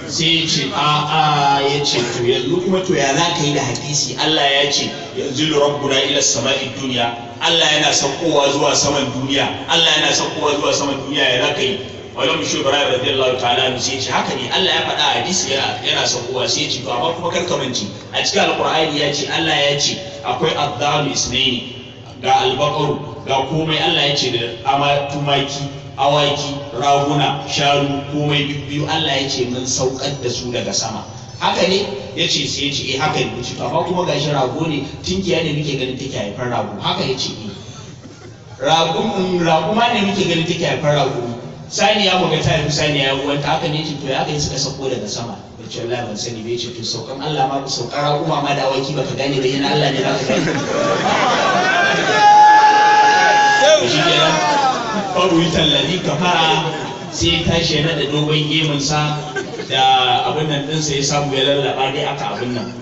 sai ya ce a ah, a ah. ya ce to yanzu kuma to ya za ka yi da hadisi Allah ya ce yanzu rabbuna ila sama'i duniya Allah yana saukowa zuwa saman duniya Allah yana saukowa zuwa saman duniya ya za ka yi wani mushi bara radiyallahu ta'ala mu sai ce haka ne Allah ya faɗa a hadisi yana kowa. sai ce to amma kuma manci a cikin alqur'ani ya ce Allah ya ce akwai adhalu isnaini ga albakaru ga komai Allah ya ce da ama tumaki awaki raguna sharu komai biyu Allah ya ce mun saukar da su daga sama haka ne ya ce sai ya ce eh haka ne ce amma kuma gashi rago ne tinkiya ne muke ganin take haifar rago haka ya ce eh. ragun raguma ne muke ganin take haifar rago Sani ya kuma ta yi sani ya ruwan ta haka ne ce to ya kai suka sauko daga sama da ce Allah ban sani bai ce to saukan Allah ma ku saukar kuma ma da awaki baka gane da yana Allah ne za ka gane shi faru yi lalika kafara sai ya tashi yana da dogon gemunsa da abin nan ɗinsa ya samu ya lallaba dai aka abin nan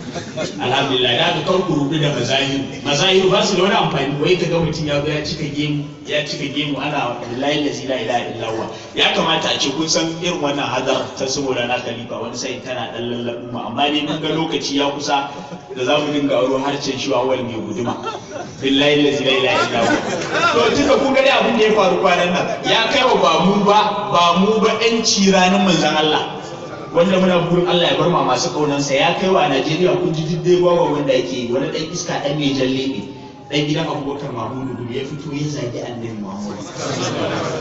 alhamdulillah da aka kar rudu da mazahiru mazahiru ba su da wani amfani wai ka ga mutum ya zo ya cika gemu ya cika gemu ana lillahi la ilaha illa illallah ya kamata a ce kun san irin wannan hadar ta saboda na khalifa wani sai tana dan lallabin mu amma ne mun ga lokaci ya kusa da za mu dinga har harcen shi wawal mai guduma billahi la ilaha illallah to da kun ga dai, abin da ya faru kwanan nan ya kai wa ba mu ba ba mu ba ɗan ranar manzon Allah wanda muna burin Allah ya bar ma masu kaunansa ya kai wa Najeriya kun ji dai gwagwa wanda yake wani dan iska dan mai jalle ne ɗan gidan abubakar mahmudu gudu ya fito ya zagi annabi mahmudu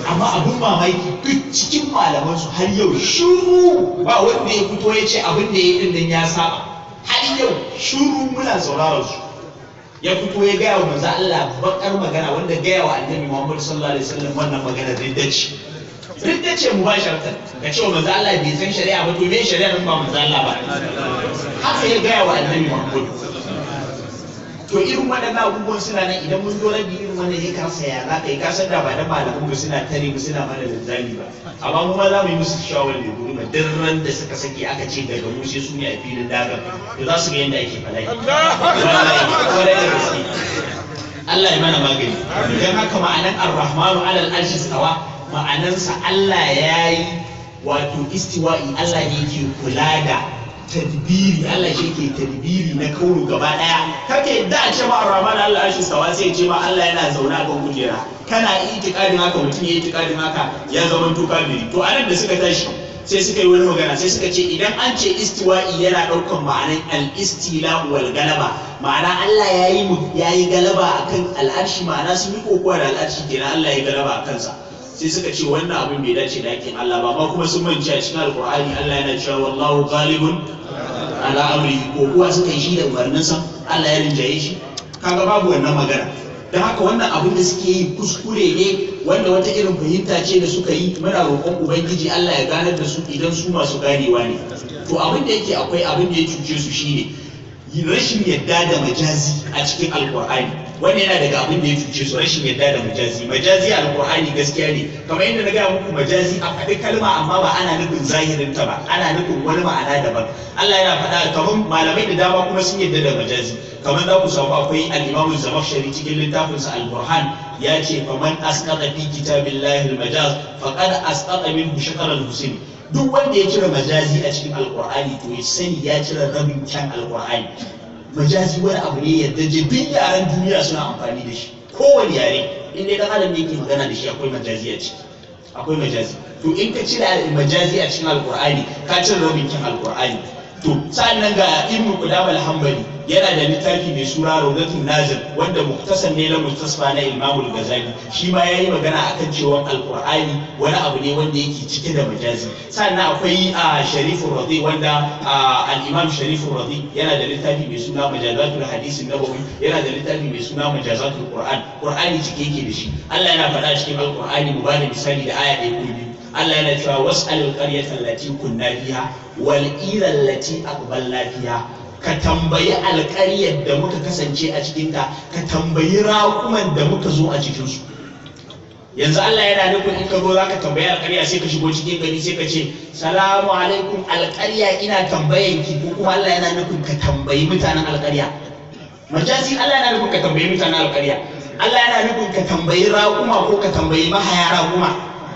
amma abun mamaki duk cikin malamansu har yau shuru ba wanda ya fito ya ce abin da ya yi ɗin ya saba har yau shuru muna sauraron su ya fito ya gaya wa manzo Allah bakar magana wanda gaya wa annabi Muhammad sallallahu alaihi wasallam wannan magana dai dace duk da ce mu ba sharta ga cewa manzo Allah bai san shari'a ba to me shari'a ba manzo Allah ba haka ya gaya wa annabi Muhammad to irin waɗannan abubuwan suna nan idan mun zo rabi irin wannan ya kasa ya za ka yi kasar da ba da malamu ba suna tare ba suna mana zali ba amma ma za mu yi musu shawarar da guri ba ran da suka saki aka ce daga mu sai su ne a filin dagar da za su ga yadda ake falaki Allah ya mana magani don haka ma'anar ar-rahmanu alal arshi tsawa ma'anansa Allah ya yi wato istiwa'i Allah ne ke kula da tadbiri Allah shi ke tadbiri na kauru gaba daya kake da a ce ma Rahman Allah shi sawa sai ce ma Allah yana zauna kan kujera kana itikadin haka mutum ya itikadin haka ya zama tuka biri to anan da suka tashi sai suka yi wani magana sai suka ce idan an ce istiwa'i yana ɗaukan ma'anar al-istila wal galaba ma'ana Allah ya yi galaba akan al'arshi ma'ana sun yi kokowa da al'arshi kenan Allah ya yi galaba a kansa sai suka ce wannan abin bai dace da haƙƙin Allah ba amma kuma sun manci a cikin alkur'ani Allah yana cewa wallahu ghalibun ala amri ko kuwa suka yi shi da umarnin sa Allah ya rinjaye shi kaga babu wannan magana dan haka wannan abin da suke yi kuskure ne wanda wata irin fahimta ce da suka yi muna roƙon ubangiji Allah ya ganar da su idan su masu ganewa ne to abin da yake akwai abin da ya cuce su shine rashin yadda da majazi a cikin alkur'ani wani yana daga abin da ya cuce su rashin yadda da majazi majazi a alqur'ani gaskiya ne kamar yadda na gaya muku majazi a faɗi kalma amma ba ana nufin zahirin ta ba ana nufin wani ma'ana daban Allah yana faɗa kamar malamai da dama kuma sun yadda da majazi kamar za ku samu akwai al-Imam Zamakhshari cikin littafinsa al-Burhan ya ce faman asqata fi kitabillahi al-majaz faqad asqata min shakar al duk wanda ya cire majazi a cikin alkur'ani to ya sani ya cire rabin kyan alkur'ani majazi wani abu ne yadda jibin yaren duniya suna amfani da shi kowane yare in dai dan adam ne ke magana da shi akwai majazi a ciki akwai majazi to in ka cire majazi a cikin alkur'ani ka cire rabin kin alkur'ani to sa'annan ga ibnu qudamah al-hanbali yana da littafi mai suna Rawdatul Nazir wanda muktasan ne na Mustasfa na Imam Al-Ghazali shi ma yayi magana akan cewa al wani abu ne wanda yake cike da majazi sannan akwai a Sharifur Radi wanda al-Imam Sharifur Radi yana da littafi mai suna Majazatul Hadith Nabawi yana da littafi mai suna Majazatul Qur'an Qur'ani cike yake da shi Allah yana faɗa cikin Al-Qur'ani mu bada misali da aya ɗaya ko biyu Allah yana cewa was'alul qaryata allati kunna fiha wal ila allati aqbalna fiha ka tambayi alƙaryar da muka kasance a cikinta ka tambayi raƙuman da muka zo a cikinsu yanzu Allah yana nufin in ka zo za ka tambayi alƙarya sai ka shigo cikin gari sai ka ce salamu alaikum alƙarya ina tambayan ki ko kuma Allah yana nufin ka tambayi mutanen alƙarya majasi Allah yana nufin ka tambayi mutanen alƙarya Allah yana nufin ka tambayi raƙuma ko ka tambayi mahaya raƙuma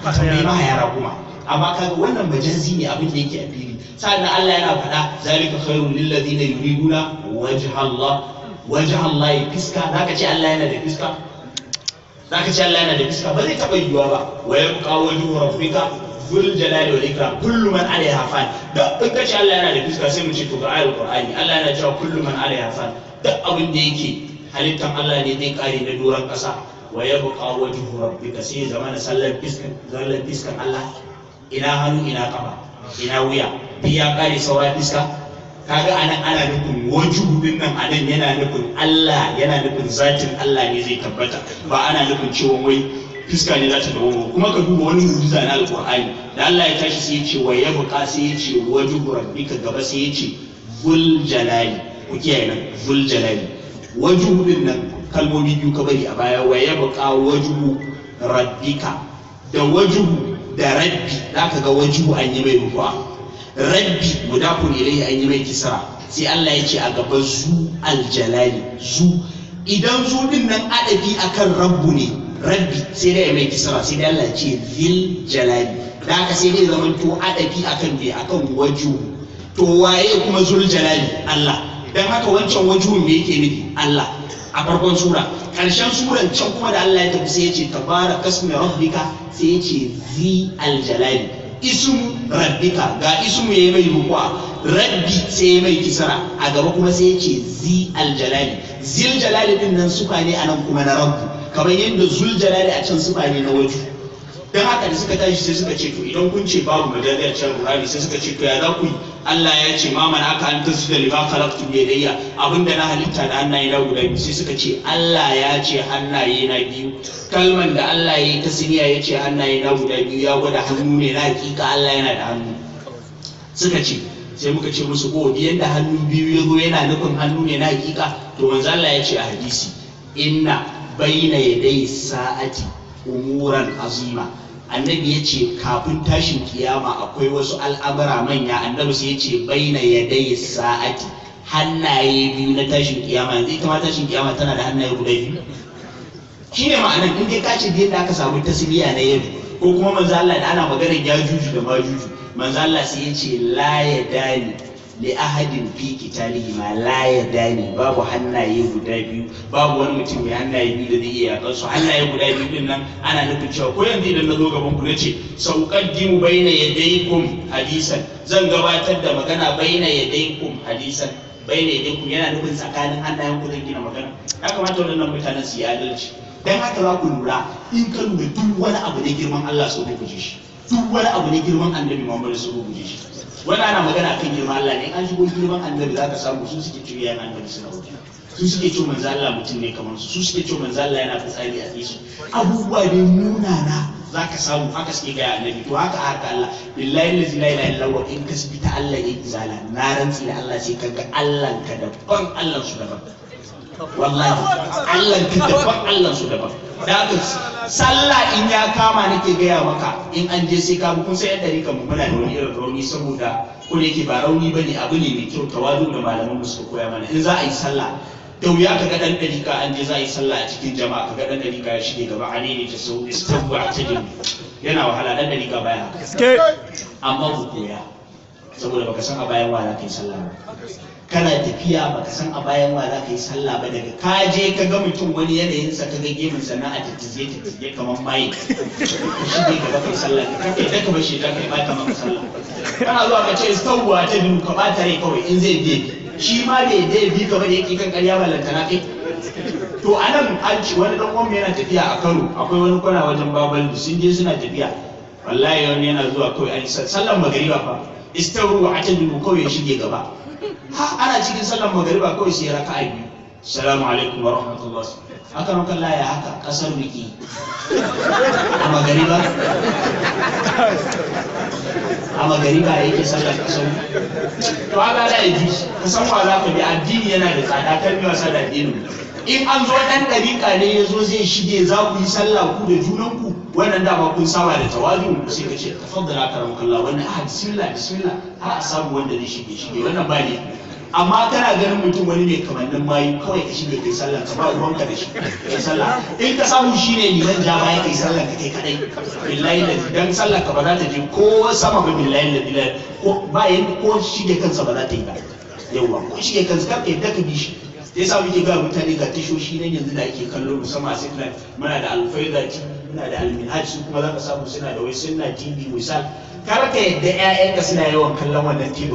ka tambayi mahaya raƙuma amma kaga wannan majazi ne abin da yake a fili sa'an Allah yana faɗa zalika khairul lil ladina yuriduna wajha Allah wajha Allah ya fiska zaka ce Allah yana da fiska zaka ce Allah yana da fiska ba zai taba yiwuwa ba wa yabqa wajhu rabbika zul jalali wal ikram kullu man alaiha fan da in ka ce Allah yana da fiska sai mu ce to ga ayatul qur'ani Allah yana cewa kullu man alaiha fan duk abin da yake halittan Allah ne zai kare na doron ƙasa wa yabqa wajhu rabbika sai zamana sallar fiskan sallar fiskan Allah ina hannu ina kama ina wuya bi ya kare saura iska kaga anan ana nufin nan a nan yana nufin Allah yana nufin zatin Allah ne zai tabbata ba ana nufin cewa wai Fiska ne za ta dawo kuma ka duba wani mu'jiza na alqur'ani da Allah ya tashi sai ya ce wa yabqa sai ya ce wajhu rabbika gaba sai ya ce zul jalali ku kiyaye nan zul jalali wajibin nan kalmomi biyu ka bari a baya wa yabqa wajibu rabbika da wajibu da rabbi za ka ga wajibu an yi mai rufa rabbi mudafun ilaihi an yi mai kisara. sai Allah ya ce a gaban zu aljalali zu idan zu din nan a akan rabbu ne rabbi sai da ya mai kisara, sai da Allah ya ce zil jalali da ka sai dai zaman to adabi akan me akan waju to waye kuma zul jalali Allah dan haka wancan wajhun me yake nufi Allah a farkon sura ƙarshen suran can kuma da Allah ya tafi sai ya ce tabara kasmi rabbika sai ya ce zi aljalali ismu rabbika ga ismu ya mai rukwa rabbi sai mai kisara a gaba kuma sai ya ce zi aljalali zil jalali din nan suka ne a nan kuma na rabbi kamar yadda zul jalali a can suka ne na waju don haka da suka tashi sai suka ce to idan kun ce babu madadiyar can Qur'ani sai suka ce to ya za ku yi Allah ya ce ma mana aka an su da lima khalaqtu bi yadayya abinda na halitta da hannaye na guda biyu sai suka ce Allah ya ce hannaye na biyu kalman da Allah ya yi ta siniya ya ce hannaye na guda biyu ya gwada hannu ne na hakika Allah yana da hannu suka ce sai muka ce musu oh, ko biyan da hannu biyu ya zo yana nufin hannu ne na hakika to manzo Allah ya ce a hadisi inna bayna yadai sa'ati umuran azima annabi ya ce kafin tashin kiyama akwai wasu al'amura manya annabi sai ya ce baina yadai sa'ati hannaye biyu na tashin kiyama yanzu ita tashin kiyama tana da hannaye guda biyu shine ma'anar in dai kace ce da aka samu tasbiya na yau ko kuma manzo Allah da ana maganar ya juju da ma juju manzo Allah sai ya ce la yadani li ahadin fi kitalihi ma la yadani babu hannaye guda biyu babu wani mutum mai hannaye biyu da zai iya yakan su hannaye guda biyu din nan ana nufin cewa ko yanzu idan na zo gaban ku nace sauqaddimu baina yadaykum hadisan zan gabatar da magana baina yadaykum hadisan baina yadaykum yana nufin tsakanin hannayen ku zan gina magana ya kamata wannan mutanen su yi adalci dan haka za ku lura in ka lura duk wani abu ne girman Allah sau da ji shi duk wani abu ne girman annabi Muhammad sau da ji shi wani ana magana kan girman Allah ne an shigo girman annabi ka samu su suke ciwo yana annabi suna wuce su suke ciwo manzo Allah mutum ne kamar su su suke ciwo manzo Allah yana fitsari a tsisu abubuwa ne nuna na za ka samu haka suke gaya annabi to haka haka Allah billahi la ilaha illa wa in kasbita Allah ya izala na rantsi da Allah sai kanka Allah ka daban Allah su daban wallahi allan ka daban Allah su daban da haka sallah in ya kama nake gaya maka in an je sai ka kun sai ɗari kan mu muna da wani irin rauni saboda ko da yake ba rauni bane abu ne mai kyau tawadu da malaman mu suka koya mana in za a yi sallah da wuya ka ga dan ka an je za a yi sallah a cikin jama'a ka ga dan ka ya shige gaba a ne ta so istabu a ta dinu yana wahala dan ka baya amma ku koya saboda baka san a bayan wa za ka yi sallah ba kana tafiya baka san a bayan wa za ka yi sallah ba daga ka je ka ga mutum wani yanayin sa ka ga gemin sa na a tattize tattize kamar mai shi ne ka kai sallah ka kai da ka bashi da kai ba ka maka sallah kana zuwa ka ce sauwa ta biyu ka ba ta rai kawai in zai je shi ma bai ya bi ka bane yake kan ƙarya ba lantana kai to anan an ci wani dan uwan yana tafiya a Kano akwai wani kwana wajen babalu sun je suna tafiya wallahi wani yana zuwa kawai an sallan magariba fa istawu a ta biyu kawai shige gaba ha ana cikin sallar magariba kawai sai raka a biyu salamu alaikum wa rahmatullahi aka maka laya haka kasar wiki a magariba a magariba yake sallar kasar to ala la ji ka san wa za ka bi addini yana da tsada kan yi wasa da addinin in an zo ɗan dariƙa ne ya zo zai shige za ku yi sallah ku da junanku wannan dama kun saba da tawazu sai ka ce tafaddala Allah wannan 'Ah bismillah bismillah har a samu wanda zai shige shige wannan ba ne amma kana ganin mutum wani mai kamannin mayu kawai ka shige kai sallah ka ba ka da shi kai sallah in ka samu shi ne ni ja baya kai sallah ka kai kadai billahi da dan sallah ka ba za ta je ko sama ba billahi da ko ba ko shige kansa ba za ta yi ba yawa ko shige kansa ka yadda ka bi shi sai sa muke ga mutane ga tashoshi nan yanzu da ake kallo musamman sitlan muna da alfaida ci muna da alminhaj su kuma zaka samu suna da wai sunna tv misal kar ka yadda ka suna yawan kallon wannan tv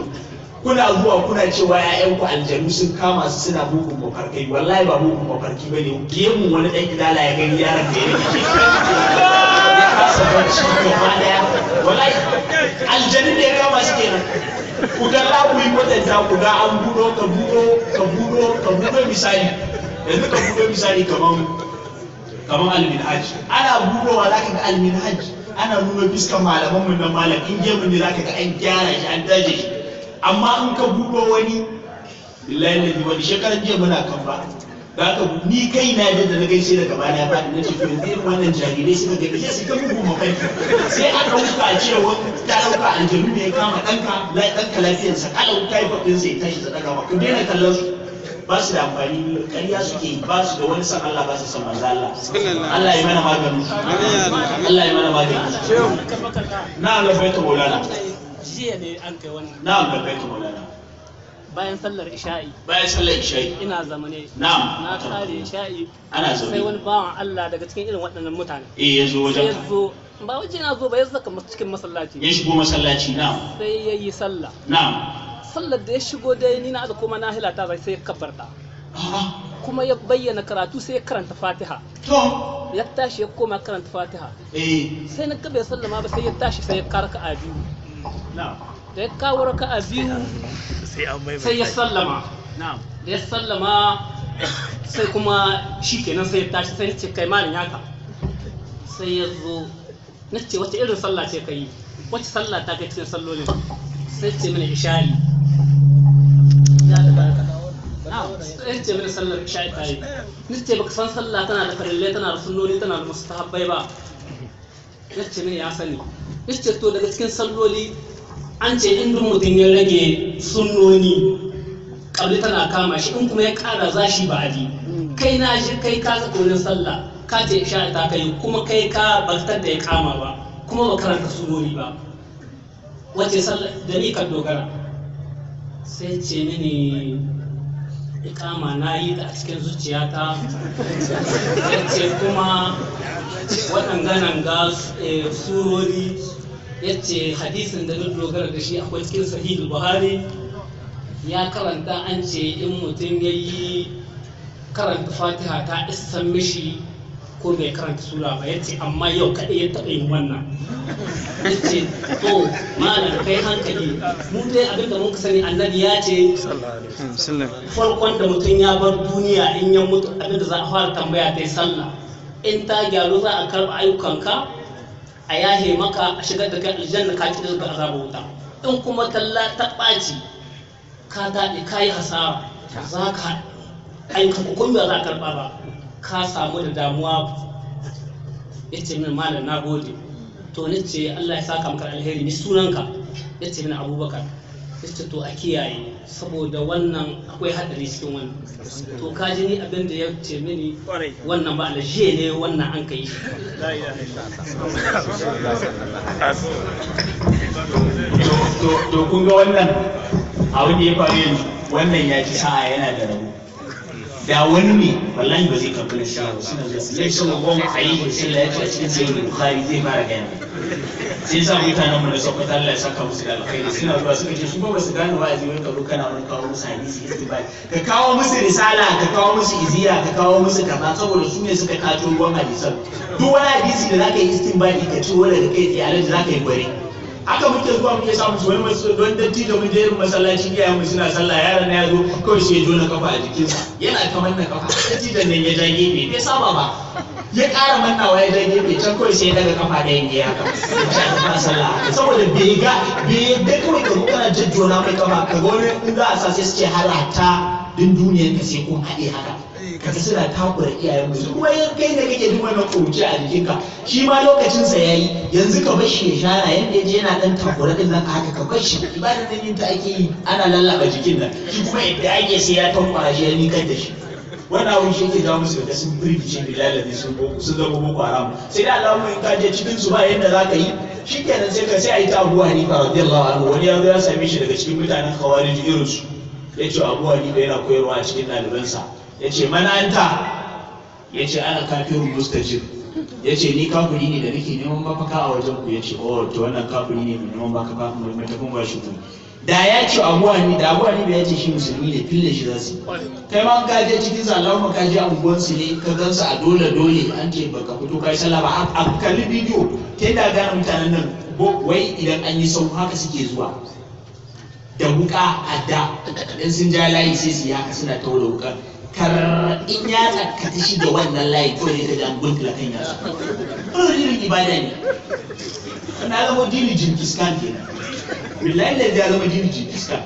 kuna zuwa kuna cewa ku aljanu sun kama su suna bugun mafarkai wallahi ba bugun mafarki bane Gemu wani ɗan idala ya gani ya da ya kasa barci gaba daya wallahi aljanu ne ya kama su kenan kuda za ku yi kwatanta kuga an budo ka budo ka budo ka budo misali yanzu ka budo misali kaman kaman alminhaj ana budowa za ka ga alminhaj ana nuna fiskan malaman mu na malam in mu ne za ka ga an gyara shi an daje shi amma in ka budo wani lillahi wani shekaran jiya muna kan ba da aka ni kai na da da na gaishe da gaba na faɗi na ce to yanzu irin wannan jarirai suka ga iya suka bugu kai. sai aka wuka cewa ta ɗauka aljanu ne ya kama ɗanka ɗanka lafiyarsa kalau typhoid ɗin sai tashi ta ɗaga Ku daina kallon su ba su da amfani ƙarya suke yi ba su da wani san Allah ba su san manzo Allah Allah ya mana maganin su Allah ya mana maganin su na labbaika maulana jiya ne an kai wannan na labbaika maulana bayan sallar isha'i bayan sallar isha'i ina zamane na'am na kare isha'i ana zaune sai wani bawan Allah daga cikin irin waɗannan mutane eh yazo wajen sai yazo ba waje na zo ba yazo zaka cikin masallaci ya shigo masallaci na'am sai yayi sallah na'am sallar da ya shigo dai ni na aka koma na hilata bai sai ya kabarta kuma ya bayyana karatu sai ya karanta fatiha ya tashi ya koma karanta fatiha eh. sai na kabe sallama ba sai ya tashi sai ya karka a biyu na'am da ya kawo raka a biyu sai ya sallama da ya sallama sai kuma shi kenan sai ya tashi sai ce kai malin yaka sai ya zo na ce wata irin sallah ce ka yi wacce sallah ta kai cikin sallolin sai ce mana ishari sai ce mana sallar ishari ta yi na ce baka san sallah tana da farillai tana da sunnoni tana da ta habbai ba na ce mana ya sani na ce to daga cikin salloli an ce in duk mutum ya rage sunnoni kabli tana kama shi in kuma ya ƙara za shi ba ji, kai na shi kai ka saka wurin sallah ka ce sha ta kai kuma kai ka baktar da ya kama ba kuma ba karanta sunnoni ba wace sallah da ni ka dogara sai ce mini ikama na yi a cikin zuciyata ya ce kuma nan ga eh, surori yace hadisin da duk dogara da shi akwai cikin sahih buhari ya karanta an ce in mutum ya yi karanta fatiha ta isan mishi ko bai karanta sura ba yace amma yau kaɗai ya taɓa yin wannan yace to malam kai hankali mu dai abin da muka sani annabi ya ce farkon da mutum ya bar duniya in ya mutu abin da za a fara tambaya ta sallah in ta gyaru za a ayyukan ka. a yahe maka a shigar da kai aljanna ka ci daga azabar wuta in kuma talla ta ɓaci ka daɗe ka yi hasara za ka aika ko ba za ka karɓa ba ka samu da damuwa ya ce min malam na gode to ni ce Allah ya saka maka alheri ni sunanka ya ce min abubakar ita a kiyaye saboda wannan akwai haɗari cikin wani to ka ji ni abin da ya ce mini wannan ba alashe ne wannan an ka yi to kun ga wannan abin da ya faru yanzu wannan ya ci sa'a yana da rabo da wani ne wallahi ba zai karɓi na ba suna da su lai sallallahu alaihi wa sallam ya ce a cikin da bukhari zai fara gani. sai sa mutanen mu da sokoto Allah ya saka musu da alkhairi suna zuwa suka ce su ba su gane wa azi wai ka kana wani kawo musu hadisi istibai ka kawo musu risala ka kawo musu iziya ka kawo musu kaza saboda su ne suka kato ruwan hadisan duk wani hadisi da zaka yi istinbadi ka ci wani da kai tsaye alaji zaka yi gwari aka muke zuwa muke samu su wani masu don datti da mu je irin masallaci iyaye mu suna sallah yaron ya zo kawai sai ya na kafa a jikinsa yana kamar manna kafa datti da nan ya ja gefe bai saba ba ya ƙara mannawa ya ja gefe can kawai sai daga kafa da yanke haka ya sallah saboda bai ga bai dai kawai ka kana jajjona mai kafa ka ga wani in za a sa sai suke halata din duniyar ka sai kun haɗe haka kaga suna takura iyayen musu kuma yan kai da kake duk wannan kuruci a jikinka shi ma lokacin sa yayi yanzu ka bar shi ya shara yanda yaje yana dan takura din nan haka ka bar shi da nan yin ta ake yi ana lallaba jikin nan shi kuma yadda ake sai ya tankwara shi ya nikar da shi wannan abun shi yake jawo musu da sun birbice bilalazi sun boko sun zama boko haram sai da alamu in ka je cikin su ba yanda za ka yi shi kenan sai ka sai a yi ta abu hanifa radiyallahu anhu wani ya zo ya same shi daga cikin mutanen khawarij irinsu ya ce abu yana koyarwa a cikin ɗalibansa ya ce mana anta ya ce ana kafirun mustajib ya ce ni kafiri ne da nake neman mafaka a wajen ku ya ce oh to wannan kafiri ne mai neman mafaka mai tafin ba shi da ya ce abuwa ni da abuwa ni da ya ce shi musulmi ne fille shi za su kai ma ka je cikin zallar ma ka je anguwan su ne ka gansu a dole dole an ce baka fito kai sallah ba a kalli bidiyo ta da dagara mutanen nan wai idan an yi sau haka suke zuwa da wuka a da idan sun ja layi sai su yi haka suna ta wuka in yatsa ka ta shiga wannan layi ko ne ta da guntula kan yatsa wani irin ibada ne na zama dirijin fiskan kenan billahi da ya zama dirijin fiskan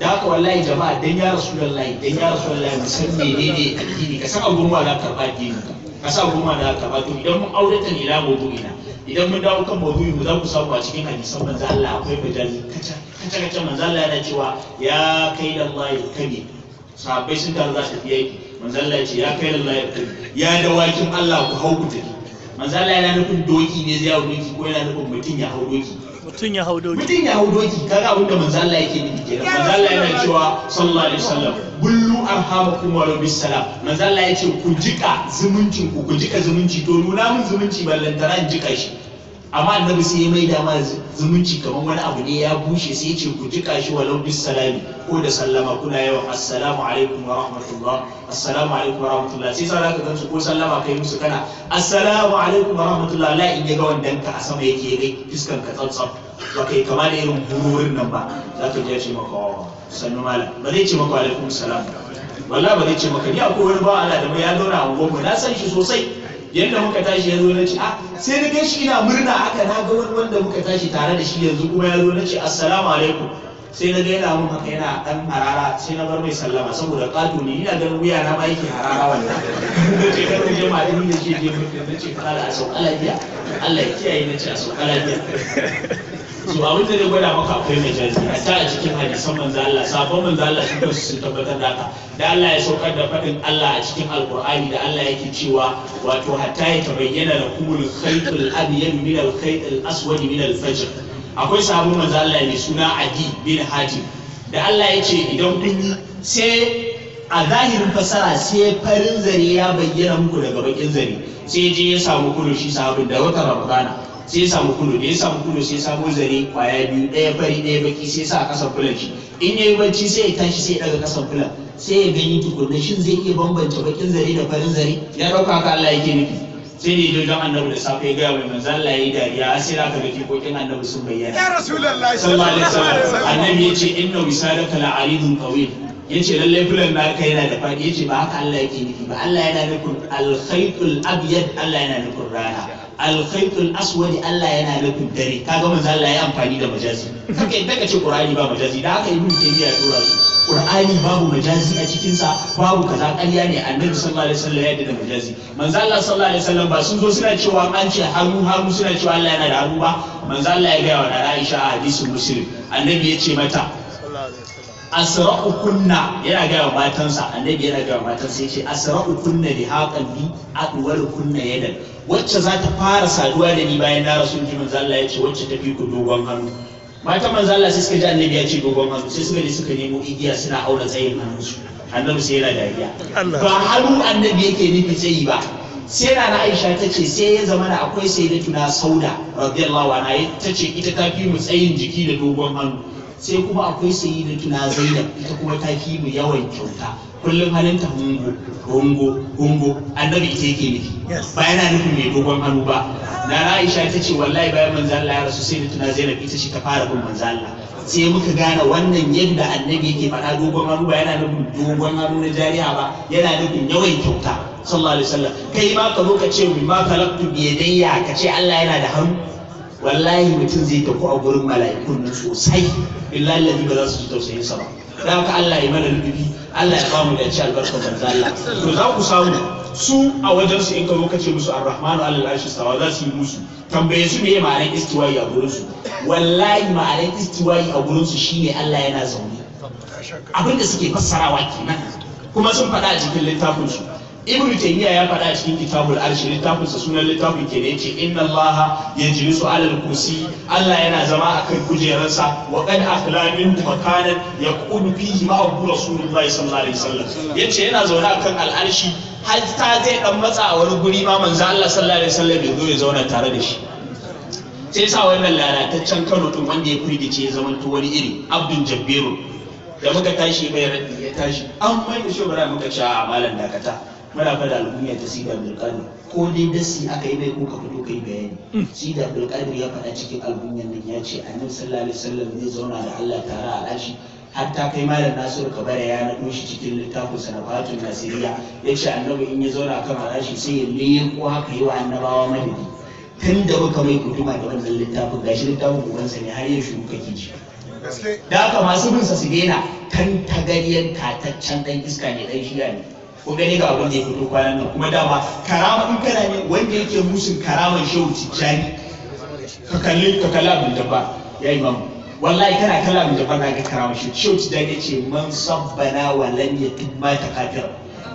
da haka wallahi jama'a dan ya rasu da layi, dan ya rasu da lallahi musan menene addini ka san abun ma za ka ka san abun ma za ka karɓa to idan mun aure ta ila mawdu'ina idan mun dawo kan mawdu'i mu za ku samu a cikin hadisan manzo Allah akwai majali kaca kaca kaca manzo Allah yana cewa ya kai da Allah ya kabe sahabbai sun taru za su tafi yaki manzo Allah ya ce ya kai lillahi ya wakin Allah ku hau ku tafi manzo Allah yana nufin doki ne zai hau doki ko yana nufin mutum ya hau doki mutum ya hau doki mutum ya hau doki kaga abinda manzo Allah yake nufi ke manzo Allah yana cewa sallallahu alaihi wasallam bullu arhamakum wa rabbis salam manzo Allah yace ku jika zumuncin ku ku jika zumunci to nuna mun zumunci ballantana in jika shi amma annabi sai ya mai dama zumunci kamar wani abu ne ya bushe sai ya ce ku jika shi walau bis salami ko da sallama kuna yawan assalamu alaikum wa rahmatullah assalamu alaikum wa rahmatullah sai sai ka gansu ko sallama kai musu kana assalamu alaikum wa rahmatullah la in ga wandan ka a sama yake kai, fiskan ka tsantsan ba kai kama da irin bururin nan ba za ka je ce maka oh, sannu malam ba zai ce maka alaikum salam wallahi ba zai ce maka ni akwai wani ba Allah da mai ya zauna a unguwarmu na san shi sosai yadda muka tashi ya zo na ce a ah, sai na gashi ina murna haka na ga wani wanda muka tashi tare da shi yanzu kuma ya zo na ce assalamu alaikum sai na ga mun haka yana dan harara sai na bar mai sallama saboda kato ne ina ganin wuya na ba yake harara wannan da ce kan je ma da ke je mutum na ce kala a sauka lafiya Allah ya kiyaye na ce a sauka lafiya so abin da zai gwada maka akwai mai hatta a cikin hadisan manzo Allah sabon manzo Allah shi kansu sun tabbatar da haka da Allah ya saukar da faɗin Allah a cikin alkur'ani da Allah yake cewa wato hatta ya tabayyana kumul khaytul abyad min al khaytil aswad min al fajr akwai sabon manzo Allah mai suna Adi bin Hatim da Allah ya ce idan kun yi sai a zahirin fasara sai farin zare ya bayyana muku daga bakin zare sai je ya samu kudu shi sabon da wata ramadana sai ya samu kulo da ya samu kulo sai ya samu zare kwaya biyu ɗaya fari ɗaya baki sai ya sa a ƙasan shi in ya yi bacci sai ya tashi sai ya ɗaga kasan fulan sai ya gani tukunna shin zai iya bambance bakin zare da farin zare ya ɗauka ka Allah yake nufi sai ne je don annabi da safe ya gaya mai manzo Allah ya yi dariya a sai zaka ga jikokin annabi sun bayyana ya rasulullahi sallallahu alaihi wasallam annabi ya ce inna wisalaka la alidun qawil ya ce lallai fulan kai yana da faɗi ya ce ba haka Allah yake nufi ba Allah yana nufin al-khaytul abyad Allah yana nufin rana alkhaitul aswad Allah yana nufin dare kaga manzo Allah ya amfani da majazi kake ka ce qur'ani ba majazi da haka ibnu taymiya tura shi qur'ani babu majazi a cikin sa babu kaza ƙarya ne annabi sallallahu alaihi wasallam ya da majazi manzo Allah sallallahu alaihi wasallam ba sun zo suna cewa an ce hannu hannu suna cewa Allah yana da hannu ba manzo Allah ya ga wa Aisha a hadisin muslim annabi ya ce mata asra'u kunna yana ga matansa annabi yana ga matansa yace asra'u kunna li haqalbi adwar kunna yadan wacce za ta fara saduwa da ni bayan na rasul ji manzo Allah yace wacce ta fi ku dogon hannu mata manzo Allah sai suka ji annabi ya ce dogon hannu sai suka je suka nemo igiya suna auna tsayin hannunsu annabi sai yana dariya ba hannu annabi yake nufi tsayi ba sai na Aisha ta ce sai ya zama da akwai sayyidatuna Sauda radiyallahu anha ta ce ita ta fi mu tsayin jiki da dogon hannu sai kuma akwai sayi da tuna zainab ita kuma ta fi mu yawan kyauta kullum hannunta hungo hungo hungo annabi ita yake nufi ba yana nufin mai dogon hannu ba na ra'isha ta ce wallahi bayan manzo Allah ya rasu sai da tuna Zainab ita shi ta fara bin manzo Allah sai muka gane wannan yadda annabi yake faɗa dogon hannu ba yana nufin dogon hannu na jariya ba yana nufin yawan kyauta sallallahu alaihi wasallam kai ma ka zo ka ce mimma talaqtu biyadayya ka ce Allah yana da hannu wallahi mutum zai tafi a gurin mala'ikun nan sosai billahi ladhi ba za su ji tausayin sa ba dan haka Allah ya mana rubi Allah ya ba mu da ci albarkar manzo Allah to za ku samu su a wajen su in ka zo ka ce musu arrahmanu alal arshi sawa za su yi musu tambaye su me ma'anar istiwa'i a gurin su wallahi ma'anar istiwa'i a gurin su shine Allah yana zaune abinda suke fassarawa kenan kuma sun faɗa a cikin littafin su ibnu taymiya ya faɗa a cikin kitabul arshi littafin sa sunan littafin ke ne yace inna allaha yajlisu ala al-kursi allah yana zama akan sa wa qad akhla min makanan yaqudu fihi abu rasulullahi sallallahu alaihi wasallam yace yana zaune akan al-arshi har ta zai dan matsa a wani guri ma manzo allah sallallahu alaihi wasallam ya zo ya zauna tare da shi sai sa wannan lalataccen Kano din wanda ya firgice ya zama wani iri abdul jabbiru da muka tashi bai raɗi ya tashi an mai da shugaba muka sha a malam dakata muna fada al'umma ta sida abdulkadir ko dai dasi aka yi mai ko ka fito kai bayani hmm. sida abdulkadir ya faɗa cikin al'umma nan ya ce annabi sallallahu alaihi wasallam zai zauna da Allah tare a Har hatta kai malam nasiru bara ya naɗo shi cikin littafin sanafatun nasiriya ya ce annabi in ya zauna kan harashi sai ya ko haka yi wa annabawa madadi tun da muka mai kuduma da wannan littafin gashi littafin ubansa ne har ya shuru kake ci da haka masu sa su daina kan tataccen dan iska ne dan shiga ne ko gani ga abin da ya fito kwanan nan kuma dama karama in kana ne wanda yake musun karaman shehu tijjani ka kalli ka kalla abin da ba ya yi mamu wallahi kana kalla abin da ba na ga karaman shehu shehu tijjani ce man sabbana wa lam yatub ma kafir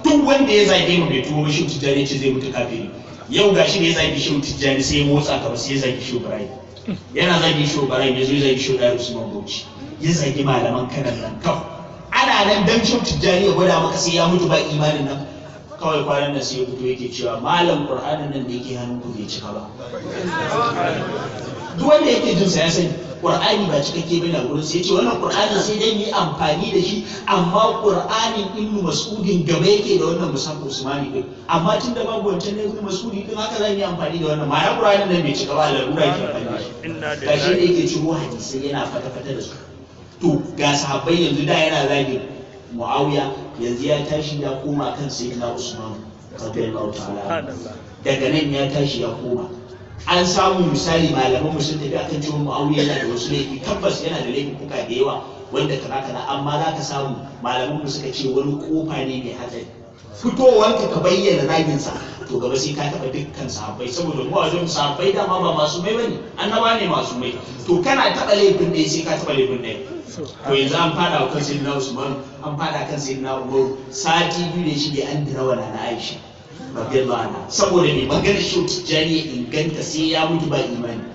duk wanda ya zage mu bai tuwo ba shehu tijjani ce zai mutu kafiri yau gashi ne ya zage shehu tijjani sai ya motsa ka ba sai ya zage shehu barai yana zage shehu barai ne zai zage shehu da usman bauchi ya zage malaman kanan nan kawai kana nan dan shi tijjani ya gwada maka sai ya mutu ba imanin nan kawai kwanan nan sai ya fito yake cewa malam qur'anin nan da yake hannun ku bai cika ba duk wanda yake jin sa ya sani qur'ani ba cikakke bane a gurin sai ya ce wannan qur'anin sai dan yi amfani da shi amma qur'anin ibnu mas'udin gaba yake da wannan musamman usmani din amma tun da babu wancan ibnu mas'udi din haka zan yi amfani da wannan ma'ana qur'anin nan bai cika ba larura ke amfani da shi gashi da yake ciro hadisai yana fata-fata da su to ga sahabbai yanzu da yana zagin muawiya yanzu ya tashi ya koma kan sayyidina usman radiyallahu ta'ala daga nan ya tashi ya koma an samu misali malaman sun tafi akan cewa muawiya yana da wasu laifi tabbas yana da kuka da yawa wanda kana kana amma za ka samu malaman mu suka ce wani kofa ne mai hatsari fitowarka ka bayyana zaginsa. to gaba sai ka taɓa dukkan sahabbai saboda mu a wajen sahabbai dama ba masu mai bane annaba ne masu mai to kana taɓa laifin ɗaya sai ka taɓa laifin ɗaya to yanzu an fada wa kan sayyidina usman an fada kan sai na umaru sati biyu da shige an dirawa na aisha radiyallahu anha saboda mai maganar shi ya inganta sai ya mutu ba imani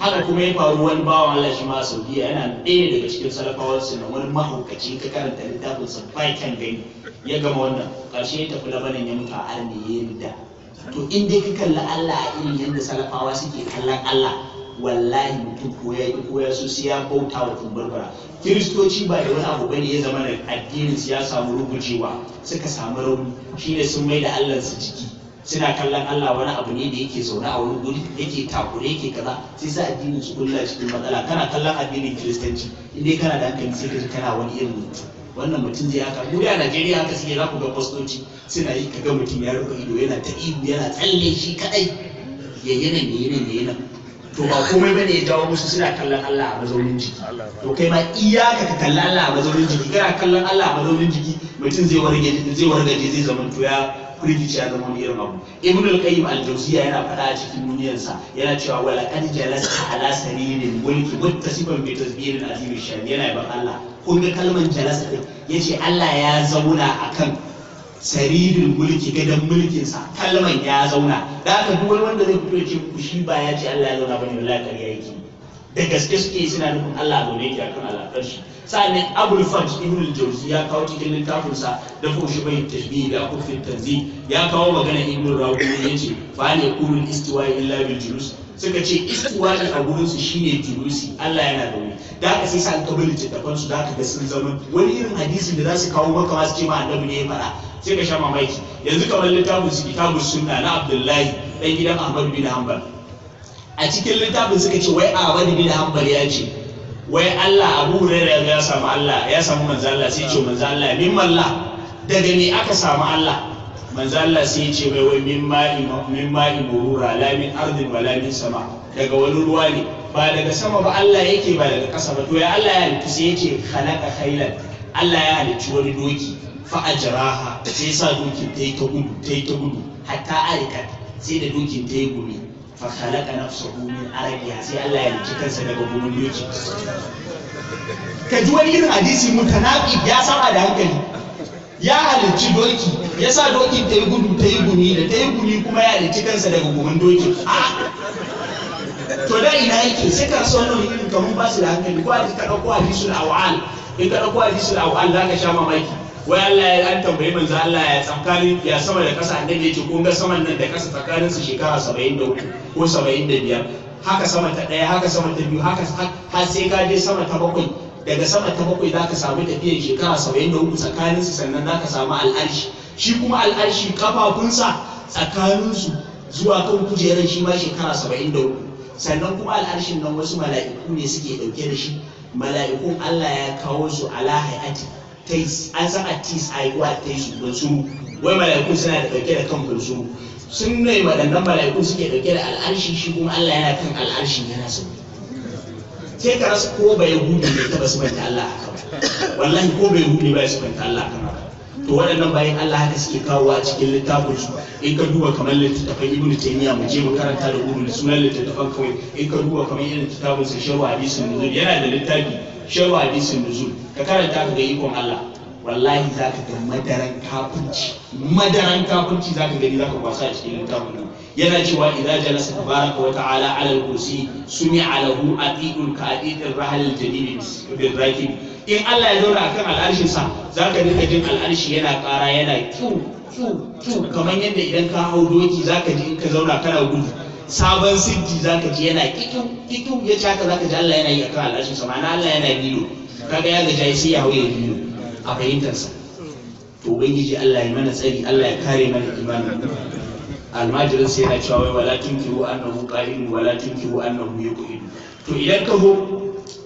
haka kuma ya faru wani bawan Allah shi ma a Saudiya yana ɗaya daga cikin salafawar su wani mahaukaci ka karanta littafin sa ba kan gani ya gama wannan ƙarshe ya tafi labanin ya mutu a arni ya yi to in dai ka kalli Allah a irin yadda salafawa suke kallon Allah wallahi mutum ko ya so sai ya bauta wa barbara. kiristoci ba da wani abu bane ya zama da addinin su ya samu rubucewa suka samu rauni shine sun mai da Allah su jiki suna kallon Allah wani abu ne da yake zaune a wani guri yake takure yake kaza sai sa addinin su kulla cikin matsala kana kallon addinin kiristanci inda kana da hankali sai ka kana wani irin mutum wannan mutum zai haka mu a Najeriya haka suke za ku ga fastoci suna yi kaga mutum ya rufe ido yana ta ihu yana tsalle shi kadai yayyana yayyana yayyana to ba komai bane ya jawo musu suna kallon Allah a mazaunin jiki to kai ma iya ka kalli Allah a mazaunin jiki kana kallon Allah a mazaunin jiki mutum zai warge zai wargaje zai zama to ya firgici ya zama wani irin abu ibn al-qayyim al-jawziya yana faɗa a cikin sa. yana cewa wala qad jalasta ala saririn mulki muttasiban bi tasbihin azim shani yana ba Allah kun ga kalman jalasa din yace Allah ya zauna akan Saririn mulki gadon mulkinsa kalman ya zauna da aka duk wani wanda zai fito ce ku shi ba ya ce Allah ya zauna bane wallahi kariya yake da gaske suke suna nufin Allah zaune yake akan al'adar shi sa'annan Abul Fath Ibn al-Jawzi ya kawo cikin littafin sa da shi bai tashbih da fi tanzi ya kawo magana Ibn Rawi yace fa ne qulul istiwa illa bil julus suka ce istiwa a gurin su shine julusi Allah yana zaune da aka sai sa alƙabalin da su da aka ga sun zama wani irin hadisin da za su kawo maka ma su ce ma annabi ne ya fara sai ka sha mamaki yanzu kamar littafin su kitabun sunna na abdullahi dan gidan ahmad bin hanbal a cikin littafin suka ce wai ahmad bin hanbal ya ce wai allah abu hurairah ya samu allah ya samu manzo allah sai ce manzo allah min malla daga ne aka samu allah manzo allah sai ce mai wai min ma'i min ma'i murura la ardin wa la min sama daga wani ruwa ne ba daga sama ba allah yake ba daga ƙasa ba to ya allah ya halitta sai ya ce khalaqa khailan allah ya halicci wani doki fa'ajiraha sai sa dokin ta yi ta gudu ta yi ta gudu hatta arikat sai da dokin ta yi gumi fa khalaqa nafsuhu min arabiya sai Allah ya rike kansa daga gumin doki ka ji wani irin hadisi mutanaqi ya saba da hankali ya halicci doki ya sa dokin ta yi gudu ta yi gumi da ta yi gumi kuma ya halicci kansa daga gumin doki to da ina yake sai ka so nan irin kamun ba su da hankali ko a ji ka dauko hadisul awal in ka dauko hadisul awal za ka sha mamaki wai Allah ya an tambayi manzo Allah ya tsakanin ya sama da kasa annabi yace kun ga saman nan da kasa tsakanin su shekara 73 ko 75 haka sama ta daya haka sama ta biyu haka har sai ka je sama ta bakwai daga sama ta bakwai zaka samu tafiyar shekara 73 tsakanin su sannan zaka samu al'arshi shi kuma al'arshi kafafunsa tsakanin su zuwa kan kujerar shi ma shekara 73 sannan kuma al'arshin nan wasu mala'iku ne suke dauke da shi mala'ikun Allah ya kawo su ala hayati an san atis a yi wa taisu da su wai Malaikun suna da ɗauke da kan kursu sun nai waɗannan Malaikun suke ɗauke da al'arshi shi kuma Allah yana kan al'arshi yana sauri sai ka rasa ko bai hudu ne ta basu manta Allah a kama? wallahi ko bai hudu ba su manta Allah a kama? to waɗannan bayan Allah haka suke kawowa a cikin littafin su in ka duba kamar littattafan Ibn Taymiyyah mu je mu karanta da gudu da sunan littattafan kawai in ka duba kamar irin littafin sa Sharh sun yana da littafi shehu hadisin nuzul ka karanta ka ga ikon Allah wallahi za ka ga madaran kafinci madaran kafinci za ka gani za ka kwasa a cikin littafin nan yana cewa idan jalasa tabaraka wa ta'ala ala al-kursi sumi alahu atiqul ka atiqir rahal al-jadid bil rakib in Allah ya zauna akan al'arshin sa za ka dinga jin al'arshi yana ƙara yana kiu kiu kiu kamar yadda idan ka hau doki za ka ji in ka zauna kana gudu sabon sirki za ka ji yana kikiu ya ci haka za ka ji Allah yana yi a kan al'ashin sa ma'ana Allah yana bilo kaga ya gaja sai ya hauye bilo a fahimtarsa to ubangiji Allah ya mana tsari Allah ya kare mana imanin almajirin sai yana cewa wai wala tunkiru annahu qalin wala tunkiru annahu yuqin to idan ka zo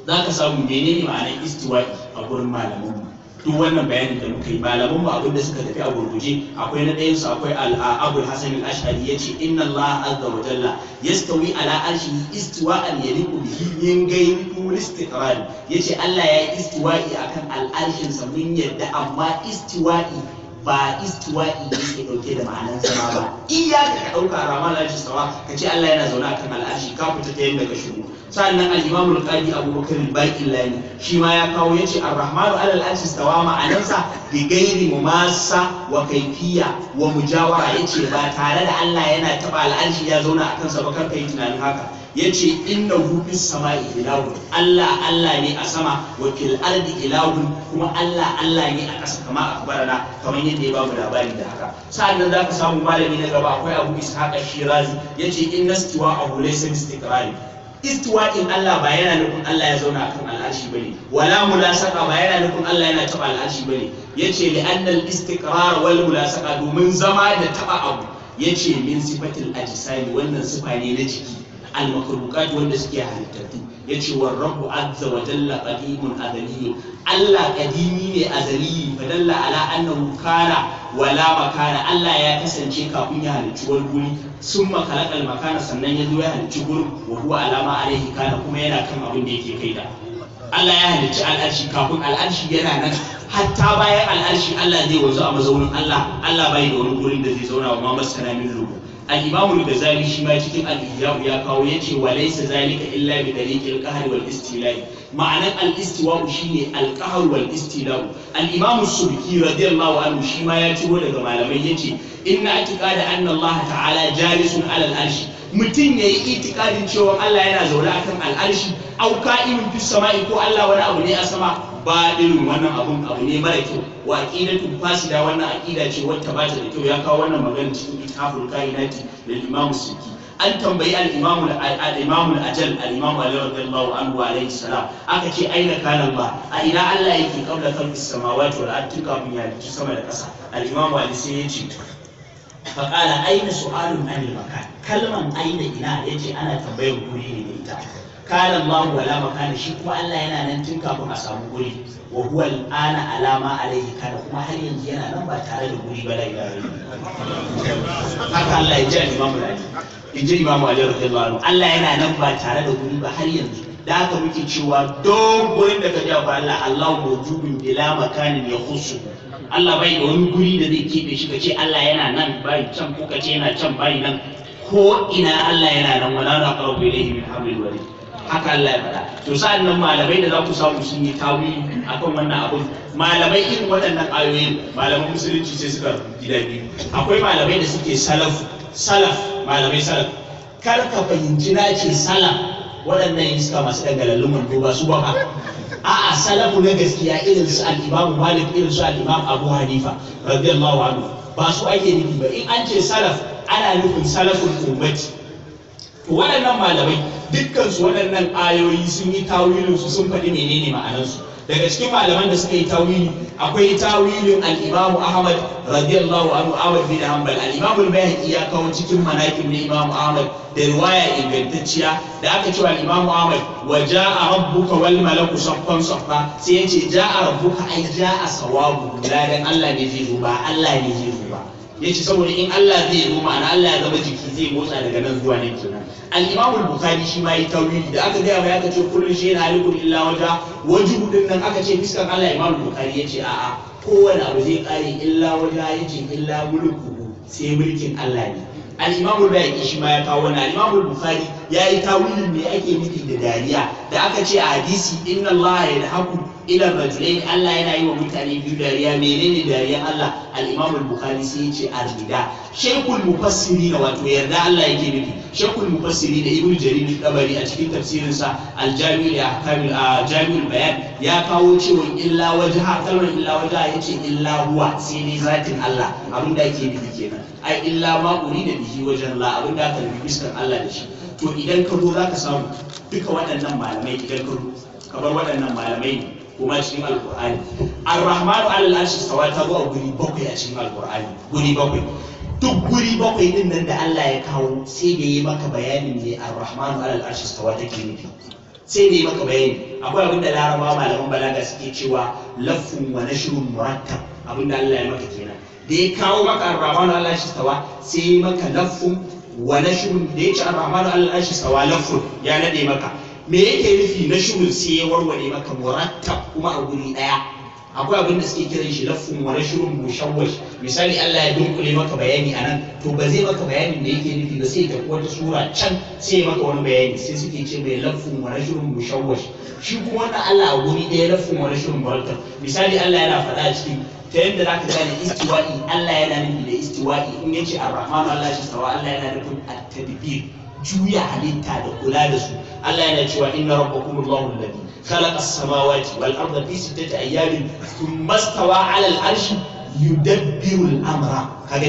za ka samu menene ma'anar istiwa a gurin malamin mu duk wannan bayanin da muka yi malaman mu abinda suka tafi a gurguje akwai na ɗayan su akwai al-abul hasan al-ashari yace inna allah azza wa jalla yastawi ala arshihi istiwa'an yaliku bihi gayin ghayri istiqrar yace allah ya yi istiwa'i akan al-arshin sa mun yadda amma istiwa'i ba istuwa istiwa'i yake dauke da ma'anar zama ba iya ka dauka rahman al'arshi sawa ka ce Allah yana zaune akan al'arshi ka fita ta yin ka shigo sannan al-imam al-qadi abubakar al-baqi lani shi ma ya kawo yace ar-rahman al'arshi sawa ma'anarsa bi gairi masa wa kaifiya wa mujawara yace ba tare da Allah yana taba al'arshi ya zauna akan sa ba kar ka yi tunanin haka ya ce inna hufis sama ilahun Allah Allah ne a sama wakil ardi ilahun kuma Allah Allah ne a ƙasa kama a kubarana kamar yadda ya ba mu labari da haka sa'annan za ka samu malami na gaba akwai abu ishaqa shirazi ya ce inna stiwa a hulaysa istiqrari istiwa in Allah ba yana nufin Allah ya zauna akan al'arshi bane wala mulasaka ba yana nufin Allah yana taba al'arshi bane yace li annal istiqrar wal mulasaka domin zama da taba abu yace min sifatil ajsami wannan sifa ne na jiki al-makhluqat wanda suke halittattu ya ce rabbu azza wa jalla qadimun azali ne. Allah kadimi ne azali fa dalla ala annahu kana wala makana Allah ya kasance kafin ya halicci wani guri sun makalakal makana sannan ya zo ya halicci gurin wa huwa alama alaihi kana kuma yana kan abin da yake kai da Allah ya halicci al'arshi kafin al'arshi yana nan hatta baya al'arshi Allah zai wanzu a mazaunin Allah Allah bai da wani wurin da zai zauna wa ma masana min rubu al-imamul ghazali shi ma cikin al ya kawo yace wa laysa zalika illa bi dariqil qahr wal istila'i ma'anan al-istiwa'u shine al-qahr wal istila'u al-imam subki radiyallahu anhu shi ma ya ciro daga malamai yace inna atiqada anna Allah ta'ala jalisun 'ala al-arshi mutum ya yi itikadin cewa Allah yana zaune akan al'arshi auka irin fi sama'i ko Allah wani abu ne a sama ba irin wannan abun abu ne mara kyau wa aqidatun fasida wannan aqida ce wata ba ta da kyau ya kawo wannan magana cikin kitabul kainati da Imam Suki an tambayi al-Imam al-Imam al-Ajal al-Imam Ali radiyallahu anhu alayhi salam aka ce aina kana ba a ina Allah yake kaula kalfis samawati wal ardi kafin ya sama da kasa al-Imam Ali sai ya ce faƙala aina su'alun anil makan kalman aina ina yace ana tambayar guri ne da ita kala Allah wala shi kuma Allah yana nan tun kafin a samu guri wa huwa al'ana alama alaihi kuma har yanzu yana nan ba tare da guri ba la ilaha haka Allah ya ji imam Ali in Imam Allah yana nan ba tare da guri ba har yanzu da haka muke cewa dogon da ka jafa Allah Allah mawjudun bila makanin ya khusu Allah bai da wani guri da zai keɓe shi ka ce Allah yana nan bari can ko ka ce yana can bari nan ko ina Allah yana nan wala na qaru ilayhi min hablil wari haka Allah ya faɗa to sa'an nan malamai da za ku samu sun yi tawi akan wannan abun malamai irin waɗannan ayoyin malaman musulunci sai suka gida biyu akwai malamai da suke salaf salaf malamai salaf kar ka fahimci na ce salaf waɗannan yin suka masu ɗan wando ba su ba a'a salafu na gaskiya irin su al-imam malik irin su al-imam abu hanifa radiyallahu anhu ba su ake nufi ba in an ce salaf ana nufin salafun ummati to waɗannan malamai dukkan su waɗannan ayoyi sun yi tawilin su sun faɗi menene ma'anarsu daga cikin malaman da suka yi tawili akwai tawilin al imamu Ahmad radiyallahu anhu Ahmad bin Hanbal al imamu al-Bayhaqi ya kawo cikin manaqib ne, Imam Ahmad da riwaya ingantacciya da aka cewa Imam Ahmad wa jaa rabbuka wal malaku saffan saffa sai yace jaa rabbuka ai jaa sawabu dan Allah ne zai zo Allah ne zai zo ya ce saboda in Allah zai zo na Allah ya zama jiki zai motsa daga nan zuwa nan kenan al imamu al-Bukhari shi ma yi tawili da aka gaya ya aka ce kullu shi yana halikun illa waja wajibu din nan aka ce fiskan Allah imamu al-Bukhari ya ce a'a kowane abu zai kare illa waja yace illa mulku sai mulkin Allah ne al imamu bai shi ma ya kawo wannan al imamu bukhari ya yi tawilin me ake nufi da dariya da aka ce a hadisi inna Allah ya haku ila rajulain Allah yana yi wa mutane biyu dariya menene dariyan Allah al-Imam al-Bukhari sai ya ce arida shaykhul mufassirin wato yarda Allah yake nufi shaykhul mufassirin Ibn Jarir al-Tabari a cikin tafsirinsa al-Jami' al-Ahkam al-Jami' al-Bayan ya kawo cewa illa wajha kalmar illa wajha yace illa huwa sai dai zatin Allah abinda ake nufi kenan ai illa ma da bihi wajen la abinda aka nufi biskan Allah da shi to idan ka zo za ka samu duka waɗannan malamai idan ka kamar waɗannan malamai ne kuma cikin Alƙur'ani. arrahmanu alal arshi sawa ta zo a guri bakwai a cikin Alƙur'ani. guri bakwai duk guri bakwai din nan da Allah ya kawo sai da yi maka bayanin ne arrahmanu alal arshi sawa take nufi sai da yi maka bayani akwai abin da laraba malaman balaga suke cewa lafun wa nashrun murakkab abin da Allah ya maka kenan da ya kawo maka arrahmanu alal arshi sawa sai ya maka lafun. wa nashun da yace ar-rahmanu al-arshi sawalafun ya nade maka me yake nufi nashun sai ya warware maka murattab kuma a guri daya akwai abin da suke kiran shi lafun shirin rashurun mushawwash misali Allah ya dunkule maka bayani a nan, to ba zai maka bayanin da yake nufi ba sai ta wata sura can sai maka wani bayani sai suke ce mai lafun shirin rashurun mushawwash shi kuma wanda Allah a guri ɗaya lafun wani shirin barkar misali Allah yana faɗa a cikin ta yadda za ka gane istiwa'i Allah yana nufi da istiwa'i in ya ce arrahmanu Allah shi sawa Allah yana nufin at-tadbir juya halitta da kula da su Allah yana cewa inna rabbakumullahu alladhi خلق السماوات والأرض في ستة أيام ثم استوى على العرش يدبر الأمر هذا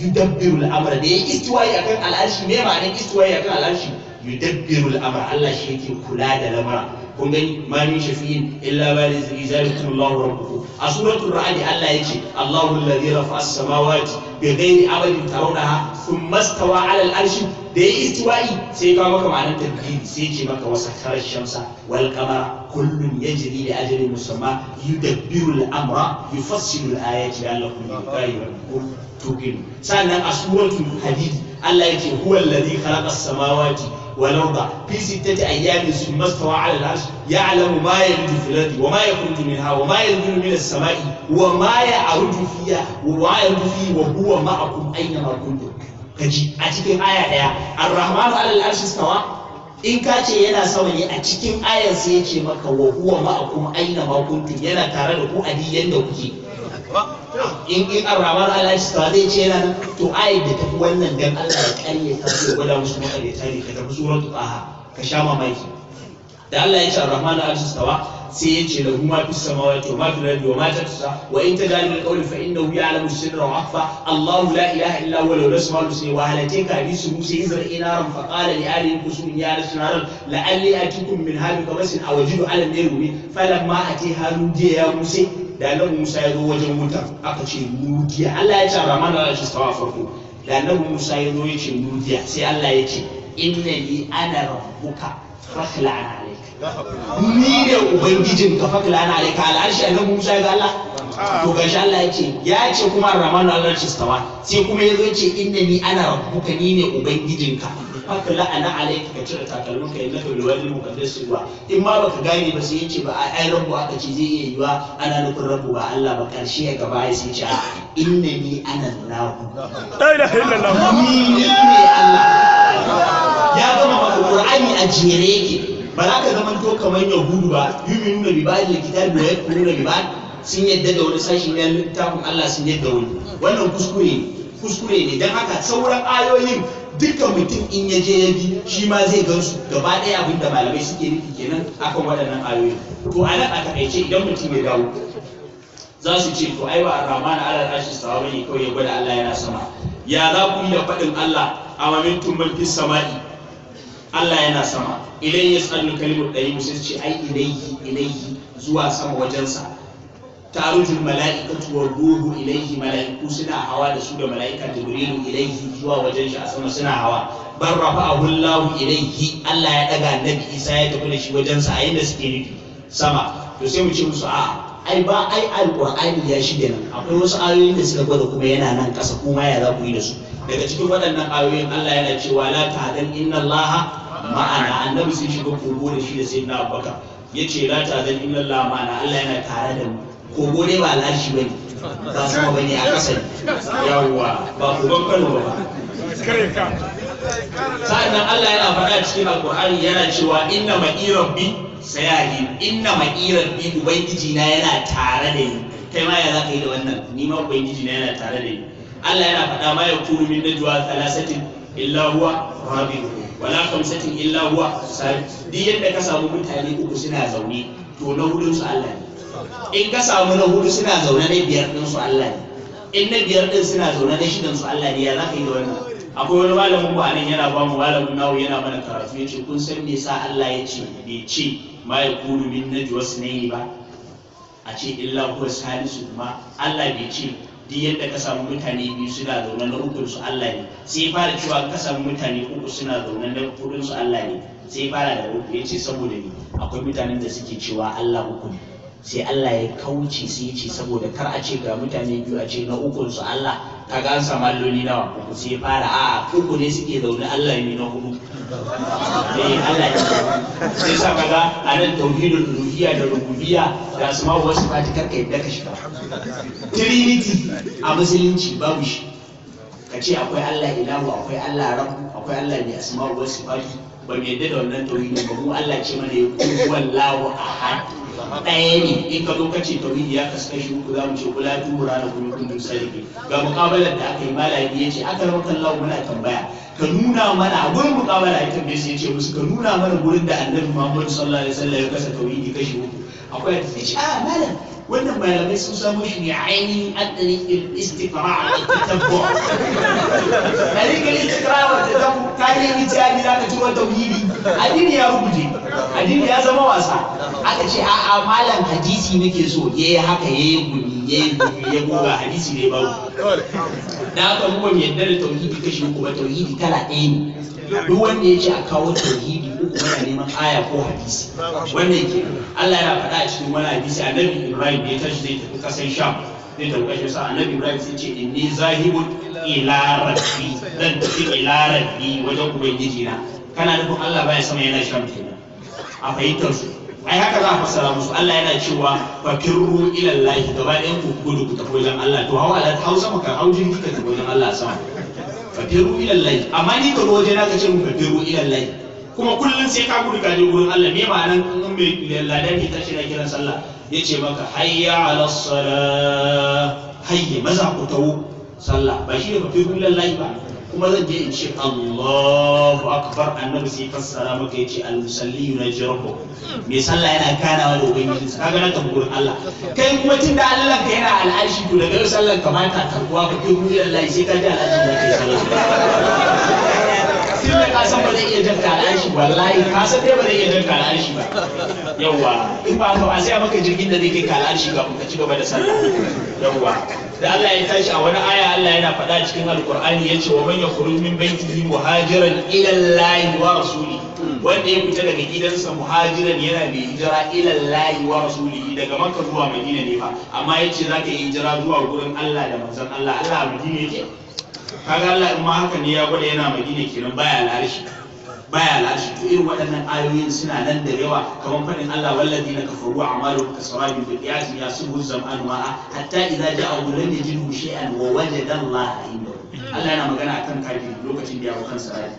يدبر الأمر دي استوى أكن على العرش ما معنى استوى أكن على العرش يدبر الأمر الله شيء كلا ده الأمر kun gani ma min shafi'in illa ba da zalikum Allahu rabbukum a suratul ra'd Allah yace Allahu alladhi bi gaini amalin tarawnaha thumma sun mastawa alal arshi da ya istiwa'i sai kawo maka ma'anar tadbiri sai ce maka wasa karar shamsa wal qamara kullun yajri li ajalin musamma da al-amra Allah kun ayati la'allakum tuqilun tuqilun sannan a suratul hadid Allah yake huwa alladhi khalaqa samawati والأرض في ستة أيام ثم استوى على العرش يعلم ما يلج في الأرض وما يخرج منها وما ينزل من السماء وما يعرج فيها وما يلج فيه وهو معكم أينما كنتم kaji a cikin aya daya ar-rahmanu alal arshi stawa in ka ce yana sama ne a cikin ayar sai yake maka wa huwa ma'akum aina ma yana tare da ku a diyan da kuke in in arhamar alashi ba zai ce yana to ai da tafi wannan dan Allah ya karye ta zai gwada musu makareta ne ka tafi suratul qaha ka sha mamaki da Allah ya ce arhamar alashi sawa sai ya ce lahu ma fis samawati wa ma fil ardi wa ma tatsa wa in tajal bil qawli fa innahu ya'lamu sirra wa akhfa Allahu la ilaha illa huwa lahu al-asmaul husna wa halati ka bi su musa izra inaran fa qala li ali kusun ya rasulana la alli atikum min hadu kamasin awajidu ala nayrubi falamma ati halu ya musa da nan musa ya zo wajen wuta aka ce nudiya allah ya ce ramana da shi tsawa farko da nan musa ya zo ya ce nudiya sai allah ya ce innani ni ana rabbuka fakla ana alaika ni ne ubangijin ka fakla ana alaika al'arshi annabi musa ya ga allah to shi allah ya ce ya ce kuma ramana Allah shi tsawa sai kuma ya zo ya ce innani ni ana rabbuka ni ne ubangijin ka haka la'ana alaiki ka cire takalmin ka innaka bil wadi muqaddas wa in ma baka gane ba sai yace ba ai rabu aka ce zai iya yiwa ana nufin rabu ba Allah ba karshe ya gaba ya sai ce ni ana lahu la ilaha illallah ni ne Allah ya gama maka qur'ani a jere yake ba za ka zama to kamar yahudu ba nuna bi ba'il kitabi ya kuma bi ba sun yadda da wani sashi na littafin Allah sun yadda wani wannan kuskure ne kuskure ne don haka sauran ayoyin dukkan mutum in ya je ya bi shi ma zai gansu gaba ɗaya abin da malamai suke nufi kenan akan waɗannan ayoyi to a nan a takaice idan mutum ya dawo za su ce to ai ba na ala arshi sawa ne kawai ya gwada Allah yana sama ya za ku yi da faɗin Allah a mamintun mulkin sama'i Allah yana sama idan ya tsallu kalimar ɗari musu ce ai ilaihi ilaihi zuwa sama wajensa tarujin mala'ika tuwa ruhu ilaihi mala'iku suna hawa da su da mala'ika jibrilu ilaihi zuwa wajen shi a sama suna hawa bar abun Allahu ilaihi Allah ya daga annabi Isa ya tafi da shi wajen sa a da suke nufi sama to sai mu ce musu a ai ba ai alqur'ani ya shige nan akwai wasu ayoyi da suka gwada kuma yana nan kasa kuma ya za ku yi da su daga cikin waɗannan ayoyin Allah yana cewa la ta'dan inna Allah ma'ana annabi sun shiga kogo da shi da sayyidina Abubakar yace la ta'dan inna Allah ma'ana Allah yana tare da mu kogo dai ba lashi ba ne ba sama ba ne a kasar yawwa ba kogon kano ba sa'annan Allah yana faɗa cikin alƙur'ani yana cewa inna ma'iran bi sayadi inna ma'iran bi ubangiji na yana tare da ni kai ma ya za ka yi da wannan ni ma ubangiji na yana tare da ni Allah yana faɗa ma ya kuru min najwa thalasatin illa huwa rabihu wala khamsatin illa huwa sadiq yadda ka samu mutane uku suna zaune to na hudun su Allah ne in ka samu na hudu suna zaune na biyar din su Allah ne in na biyar din suna zaune na shidan su Allah ne ya za ka yi da wannan akwai wani malamin ba nan yana ba mu malamin nawo yana mana karatu ya yace kun san me yasa Allah ya ce bai ce ma ya kunu min najwa sunayi ba a ce illa kuwa salisu kuma. Allah bai ce duk yadda ka samu mutane biyu suna zaune na ukun su Allah ne sai fara cewa ka samu mutane uku suna zaune na hudun su Allah ne sai fara da uku yace saboda ni akwai mutanen da suke cewa Allah uku ne sai Allah ya kauce sai ce saboda kar a ce ga mutane biyu a ce na ukun su Allah ka ga na nawa uku sai fara a uku ne suke zaune Allah yi na hudu eh Allah ya sai sa kaga anan tauhidul uluhiyya da rububiyya da asma wa sifati kar ka yadda ka shiga trinity a musulunci babu shi ka ce akwai Allah ilahu akwai Allah rabu akwai Allah ne asma wa sifati ba mu yadda da wannan tauhidin ba mu Allah ce mana ya kuwallahu ahad a ɗaya ne in ka zo kace tauhidi ya kasu kashi uku za mu ce kula duhura da kuma kundin sarki ga muƙabalar da aka yi malai ya ce aka rama kallahu muna tambaya ka nuna mana a gurin muƙabala da tambaye ya ce musu ka nuna mana gurin da annabi muhammadu sallallahu alaihi wasallam ya kasa tauhidi kashi uku akwai da ce a malam wannan malamai sun samo shi ne ainihin adadin istikara da tabbo a rikin istikara wa ta tabbo ta yi ni ta ani zaka ci wata wuri addini ya rubuce addini ya zama wasa aka ce a'a malam hadisi nake so yayi haka ya yayi gumi yi gumi ya goga hadisi ne babu Na haka mu ban yadda da tauhidi kashi uku ba tauhidi kala ɗaya ne duk wanda ya ce a kawo tauhidi ko kuma yana neman aya ko hadisi wannan ke Allah ya faɗa a cikin wani hadisi annabi Ibrahim ya tashi zai tafi kasan Sham zai tafi kashe sa annabi Ibrahim sai ce inni zahibun ila rabbi zan tafi ila rabbi wajen ubangiji na kana nufin Allah baya sama yana Sham kenan a fahimtar su ai haka za a fassara musu Allah yana cewa fakirru ila Allah gaba ɗayan ku gudu ku tafi wajen Allah to hawa Allah hausa maka haujin kika tafi wajen Allah sama fadiru ila Allah amma ni ka waje na ka ce mun fadiru ila Allah kuma kullun sai ka gudu ka je gurin Allah me ma'anan in mai ladan ke tashi na kiran sallah yace maka hayya ala salah hayya maza ku tawo sallah ba shi ne fadiru ila Allah ba kuma zan je in ce Allahu akbar annabi sai fassara maka yace al-musalli na rabbuh mai sallah yana kanawa da ubangiji sa kaga naka gurin Allah kai kuma tunda Allah ka yana al'ashi to daga yau sallar kamata ta kuwa ka kai ruhi Allah sai ka ji al'ashi da kai sallah Kasan ba zai iya jan tare arshi wallahi ka dai ba zai iya jan tare arshi ba yawa in ba ka ba sai maka jirgin da zai kai tare arshi ga ka ci gaba da sallah yawa da Allah ya tashi a wani aya Allah yana faɗa cikin alkur'ani yace wa man yakhruj min baytihi muhajiran ila Allah wa rasuli wanda ya fita daga gidansa muhajiran yana mai hijira ila Allah wa rasuli daga Makka zuwa Madina ne fa amma yace zaka yi hijira zuwa gurin Allah da manzon Allah Allah a Madina yake kaga Allah in ma haka ne ya gwada yana madina kenan baya larshi baya to irin waɗannan ayoyin suna nan da yawa kamar fadin Allah wallazi na kafaru a'malu kasarabi bi ya yasubu zam'an ma'a hatta idza ja'a ulun yajidu shay'an wa wajada Allah inda. Allah yana magana akan kafi lokacin da ya kan sarai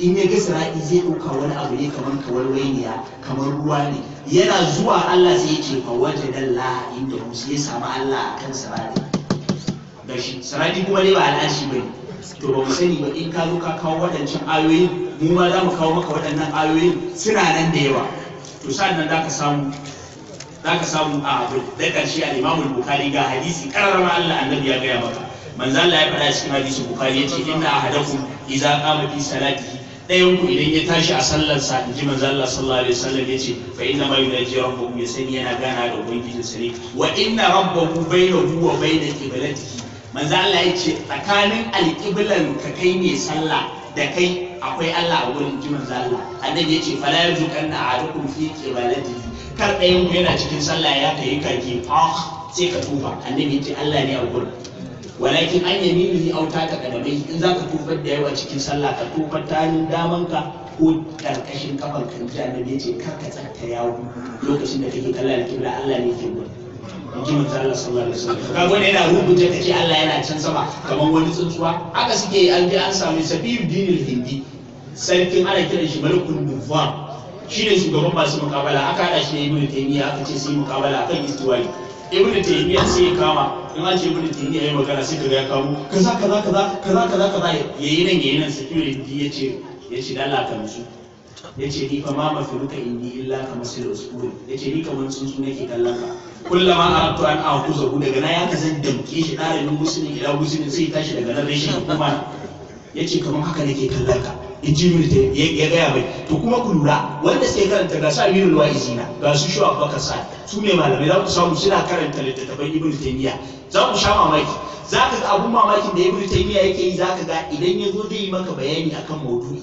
in ya ga sarai zai ɗauka wani abu ne kamar kawar wainiya kamar ruwa ne yana zuwa Allah sai ya ce fa wajada Allah inda sai ya samu Allah akan sarai da shi sanadi kuma dai ba al'ashi ba ne to ba mu sani ba in ka zo ka kawo waɗancan ayoyin mu ma za mu kawo maka waɗannan ayoyin suna nan da yawa to sa'an za ka samu zaka samu a abu da ƙarshe a imamul bukari ga hadisi karrama Allah annabi ya gaya maka manzo Allah ya faɗa cikin hadisi bukari ya ce inna ahadakum idza qama fi salati ɗayan ku idan ya tashi a sallarsa in ji manzo Allah sallallahu alaihi wasallam ya fa inna ma yunaji rabbuhu ya sani yana gana da ubangijinsa ne wa inna rabbahu bainahu wa bainal qiblatihi manzo Allah ya ce tsakanin alƙiblan ka kai mai sallah da kai akwai Allah a wurin ji manzo Allah annabi ya ce fala yuzukanna ahadukum fi qibalati kar ɗayan ku yana cikin sallah ya kai karki ah sai ka tufa annabi ya ce Allah ne a wurin walakin an yamini au ta kadamai in za ka da yawa cikin sallah ka tufar ta hannun daman ka ko karkashin kafan kan annabi ce kar ka tsarta yawo lokacin da kake kallon kibla Allah ne ke gudu ji manzo Allah sallallahu alaihi wasallam kaga wani yana rubuta ce Allah yana can sama kamar wani tsuntsuwa haka suke an je an samu sabiyu dinil hindi sarkin ana kiran shi malikul dufan shine shugaban masu mukabala aka hada shi da ibnu taymiya aka ce sai mukabala akan istiwai ibnu taymiya sai ya kama in an ce ibnu taymiya yayi magana sai kaga ya kamo kaza kaza kaza kaza kaza kaza yayi nan yayi nan sabiyu hindi ya ce dan Allah ka musu ce ni fa ma mafiruka indi illa kamar ka masil usbur ce ni kamar tsuntsu nake kallon ka kullama aratu an ku daga na ya zan damke shi dalibin musulmin ila musulmin sai tashi daga nan rashin kuma ce kamar haka nake kallon ka In ji da ya gaya mai to kuma ku lura wanda sai karanta ga su wa izina ga su shi abubakar sa su ne malamai za ku samu suna karanta littattafan ibnu taymiya za ku sha mamaki za ka ga abun mamakin da ibnu taymiya yake yi za ka ga idan ya zo zai yi maka bayani akan maudu'i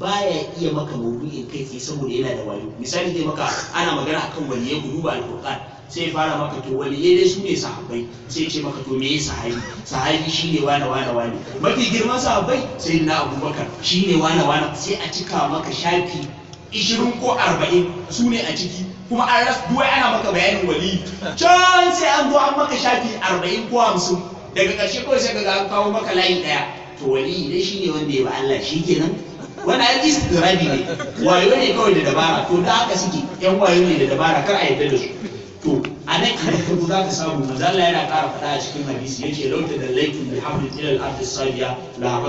baya iya maka maudu'in kai tsaye saboda yana da wayo misali zai maka ana magana akan waliyai ku al-qur'an sai ya fara maka to wani yadda su ne sahabbai sai ce maka to meye sahabi sahabi shine wane wane wane mafi girman sahabbai sai na abubakar shine wane wane sai a cika maka shafi ishirin ko arba'in su ne a ciki kuma an rasu duwai ana maka bayanin wali can sai an zo an maka shafi arba'in ko hamsin daga ƙarshe kawai sai ka an kawo maka layi ɗaya to wali shi shine wanda ya ba Allah shi kenan wani an rabi ne wayo ne kawai da dabara to da haka suke yan wayo ne da dabara kar a yarda da su to a nan idan ka za ka samu mazala yana kara faɗa a cikin hadisi yake lauta da laifin da hamlin ilal ardi sabiya la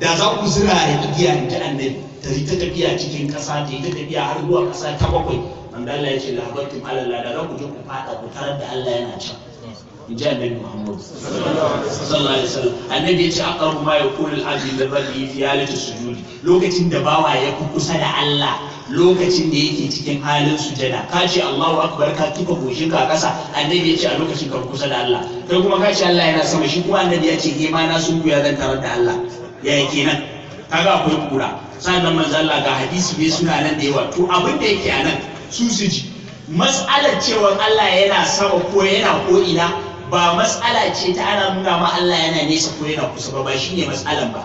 da za ku ya igiya ta annabi ta yi ta tafiya cikin ƙasa ta yi ta tafiya har zuwa ƙasa ta bakwai Mandala ya ce la habattum da za ku je ku faɗa ku tarar da Allah yana can in ji annabi Muhammadu. sallallahu alaihi wasallam annabi ya ce aqrabu ma yakunu al-abdi min rabbihi fi halati sujudi lokacin da bawa ya fi kusa da Allah lokacin da yake cikin halin sujada ka ce Allahu akbar ka tuka goshin ka kasa annabi ya ce a lokacin ka kusa da Allah kai kuma ka ce Allah yana sama shi kuma annabi ya ce ke ma na sun buya zan tarar da Allah ya yake nan kaga akwai kura sannan manzo Allah ga hadisi ne suna nan da yawa to abin da yake a nan su su ji mas'alar cewa Allah yana sama ko yana ko ina ba matsala ce ta ana nuna ma Allah yana nesa ko yana kusa ba ba shine matsalan ba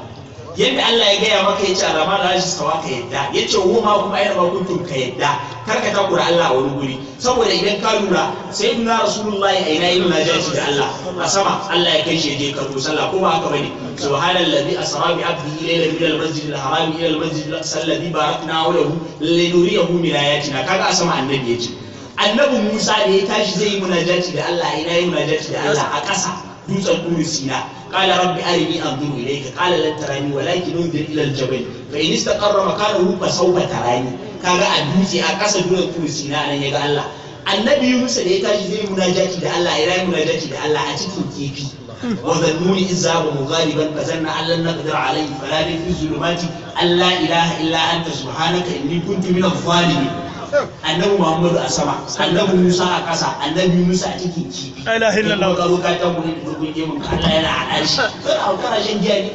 yadda Allah ya gaya maka yace arama da shi sawa ka yadda yace wo ma kuma ayyana ba kuntum ka yadda kar ka takura Allah wani guri saboda idan ka lura sai sayyidina rasulullahi a ina yin najashi da Allah a sama Allah ya kai shi je ka to sallah ko ba haka bane subhanallazi asra bi abdihi layla min al-masjid al-haram ila al-masjid al-aqsa alladhi barakna lahu linuriyahu min ayatina kaga a sama annabi yace annabi musa da ya tashi zai yi munajaci da allah ina yi munajaci da allah a ƙasa dutsen turi sina qala rabbi arini anzuru ilayka qala lan tarani walakin unzur ila al-jabal fa in istaqarra makanahu fa sawfa tarani kaga a dutse a ƙasa dutsen turi sina nan ya ga allah annabi musa da ya tashi zai yi munajaci da allah ina yi munajaci da allah a cikin kifi وظنوني إذ ذهبوا غالبا فظن أن لن نقدر عليه فلا في ظلمات أن لا إله إلا أنت سبحانك إني كنت من الظالمين annabi muhammadu a sama annabi musa a ƙasa annabi musa a cikin kifi ilahi illallah ka zo ka ta gurin gurin gemun Allah yana hada shi kana haukana shan giya ne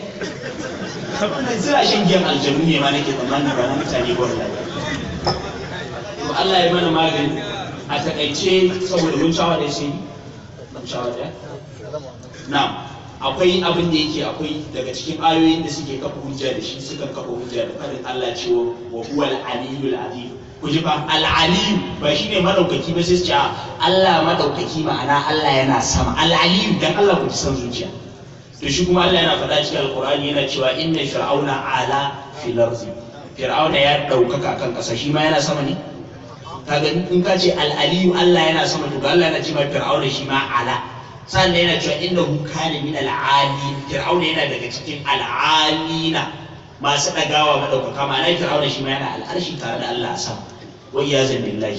wannan zira shan giyan aljanu ne ma nake tsammanin ba na mutane ba wallahi to Allah ya mana magani a takaice saboda mun shawa da shi mun shawa da na akwai abin da yake akwai daga cikin ayoyin da suke kafa hujja da shi suka kafa hujja da farin Allah cewa wa huwal aliyul azim ku ji ba al'aliyu ba shi ne madaukaki ba sai su ce ah, Allah madaukaki ma'ana Allah yana sama al'aliyu dan Allah ku san zuciya to shi kuma Allah yana faɗa cikin alƙur'ani yana cewa inna fir'auna ala fil ardi fir'auna ya ɗaukaka kan ƙasa shi ma yana sama ne ga in ka ce al'aliyu Allah yana sama to Allah yana cewa fir'auna shi ma ala sannan yana cewa innahu kana min al'ali fir'auna yana daga cikin al'alina masu ɗagawa maɗaukaka ma'ana fir'auna shi ma yana al'arshi tare da Allah a sama wa iyazan billahi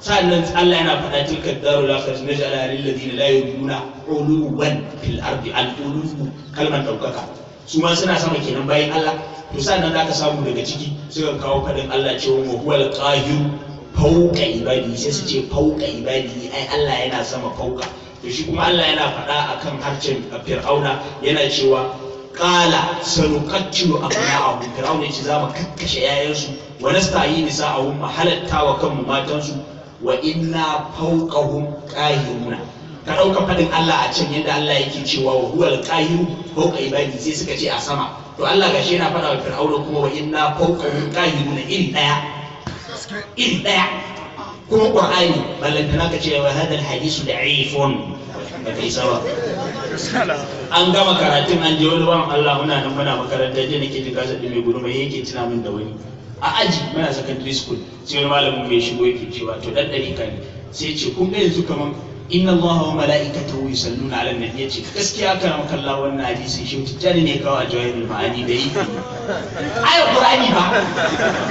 sannan Allah yana faɗa tilka daru la na ala alladhina la yu'minuna uluwan fil ardi al uluwu kalmar ɗaukaka su ma suna sama kenan bayan Allah to da zaka samu daga ciki suka kawo faɗin Allah cewa wa huwal qahir fauka ibadi sai su ce fauka ibadi ai Allah yana sama fauka to shi kuma Allah yana faɗa akan harcen fir'auna yana cewa qala sanuqattilu abna'ahum fir'auna yace za mu kakkashe yayansu wa a sa'ahum mahalatta wa kanmu matansu wa inna fawqahum qahiruna ka ɗauka faɗin Allah a can yadda Allah yake cewa wa huwal qahiru ibadi sai suka ce a sama to Allah gashi yana faɗa wa fir'auna kuma wa inna fawqahum qahiruna in ɗaya in ɗaya kuma qur'ani ballantana ka ce wa hadal hadisu da'ifun ba kai sawa an gama karatun an je wani bawan Allah muna nan muna makaranta je nake jin gasa mai guru mai yake tuna min da wani a aji muna secondary school sai wani malamin mai shigo yake cewa to dan dari kan sai ce kun ga yanzu kaman inna allaha wa mala'ikatahu yusalluna ala nabi yace gaskiya kana kalla wannan hadisin shi tijjani ne kawai jawahirul ma'ani da yi ayo qur'ani ba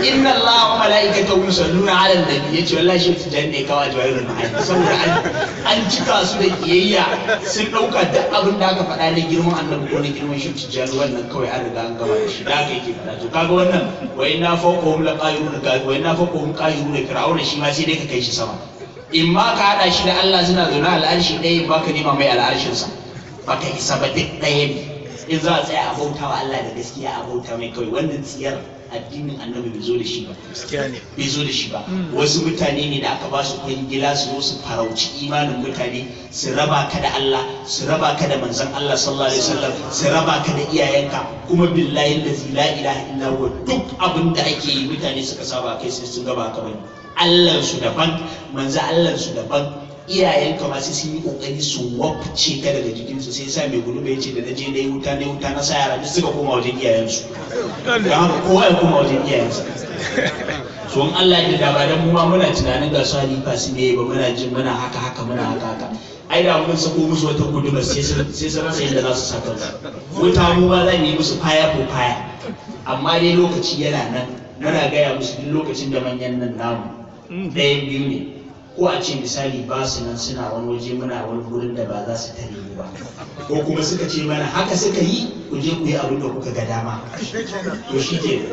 inna allaha wa mala'ikatahu yusalluna ala nabi yace wallahi shi tijjani ne kawai jawahirul ma'ani saboda an cika su da kiyayya sun dauka duk abin da aka faɗa na girman annabi ko na girman shi tijjani wannan kawai an riga an gama da shi da aka ke faɗa to kaga wannan wa inna fawqahum laqayun wa inna fawqahum qayun fir'auna shi ma sai dai ka kai shi sama in ba ka haɗa shi da Allah suna zaune al'arshi ɗaya ba ka nema mai al'arshinsa ba ka isa ba duk ɗaya ne in za a tsaya a bauta wa Allah da gaskiya a bauta mai kawai wannan tsiyar addinin annabi bai zo da shi ba bai zo da shi ba hmm. wasu mutane ne da aka ba su kwangila su zo su farauci imanin mutane su raba ka da Allah su raba ka da manzon Allah sallallahu alaihi wasallam su raba ka da iyayenka kuma billahi la ilaha illa huwa duk abin da ake yi mutane suka saba kai sai sun gaba ka bane allansu daban manzo allansu daban iyayen ka masu sun yi kokari su wabce ka daga jikinsu sai sa mai gudu bai ce da naje na yi wuta na yi wuta na sa yara duk suka koma wajen iyayensu don haka kowa ya koma wajen iyayensa so in Allah ya da ba dan mu ma muna tunanin ga su halifa su ne ba muna jin muna haka haka muna haka haka ai da mun sako musu wata guduma sai su sai da za su saka wuta mu ba za mu yi musu faya ko faya amma dai lokaci yana nan muna gaya musu duk lokacin da manyan nan namu ɗayan biyu ne ko a ce misali ba su nan suna wani waje muna wani wurin da ba za su tare ba ko kuma suka ce mana haka suka yi ku je ku yi abin da kuka ga dama to shi ke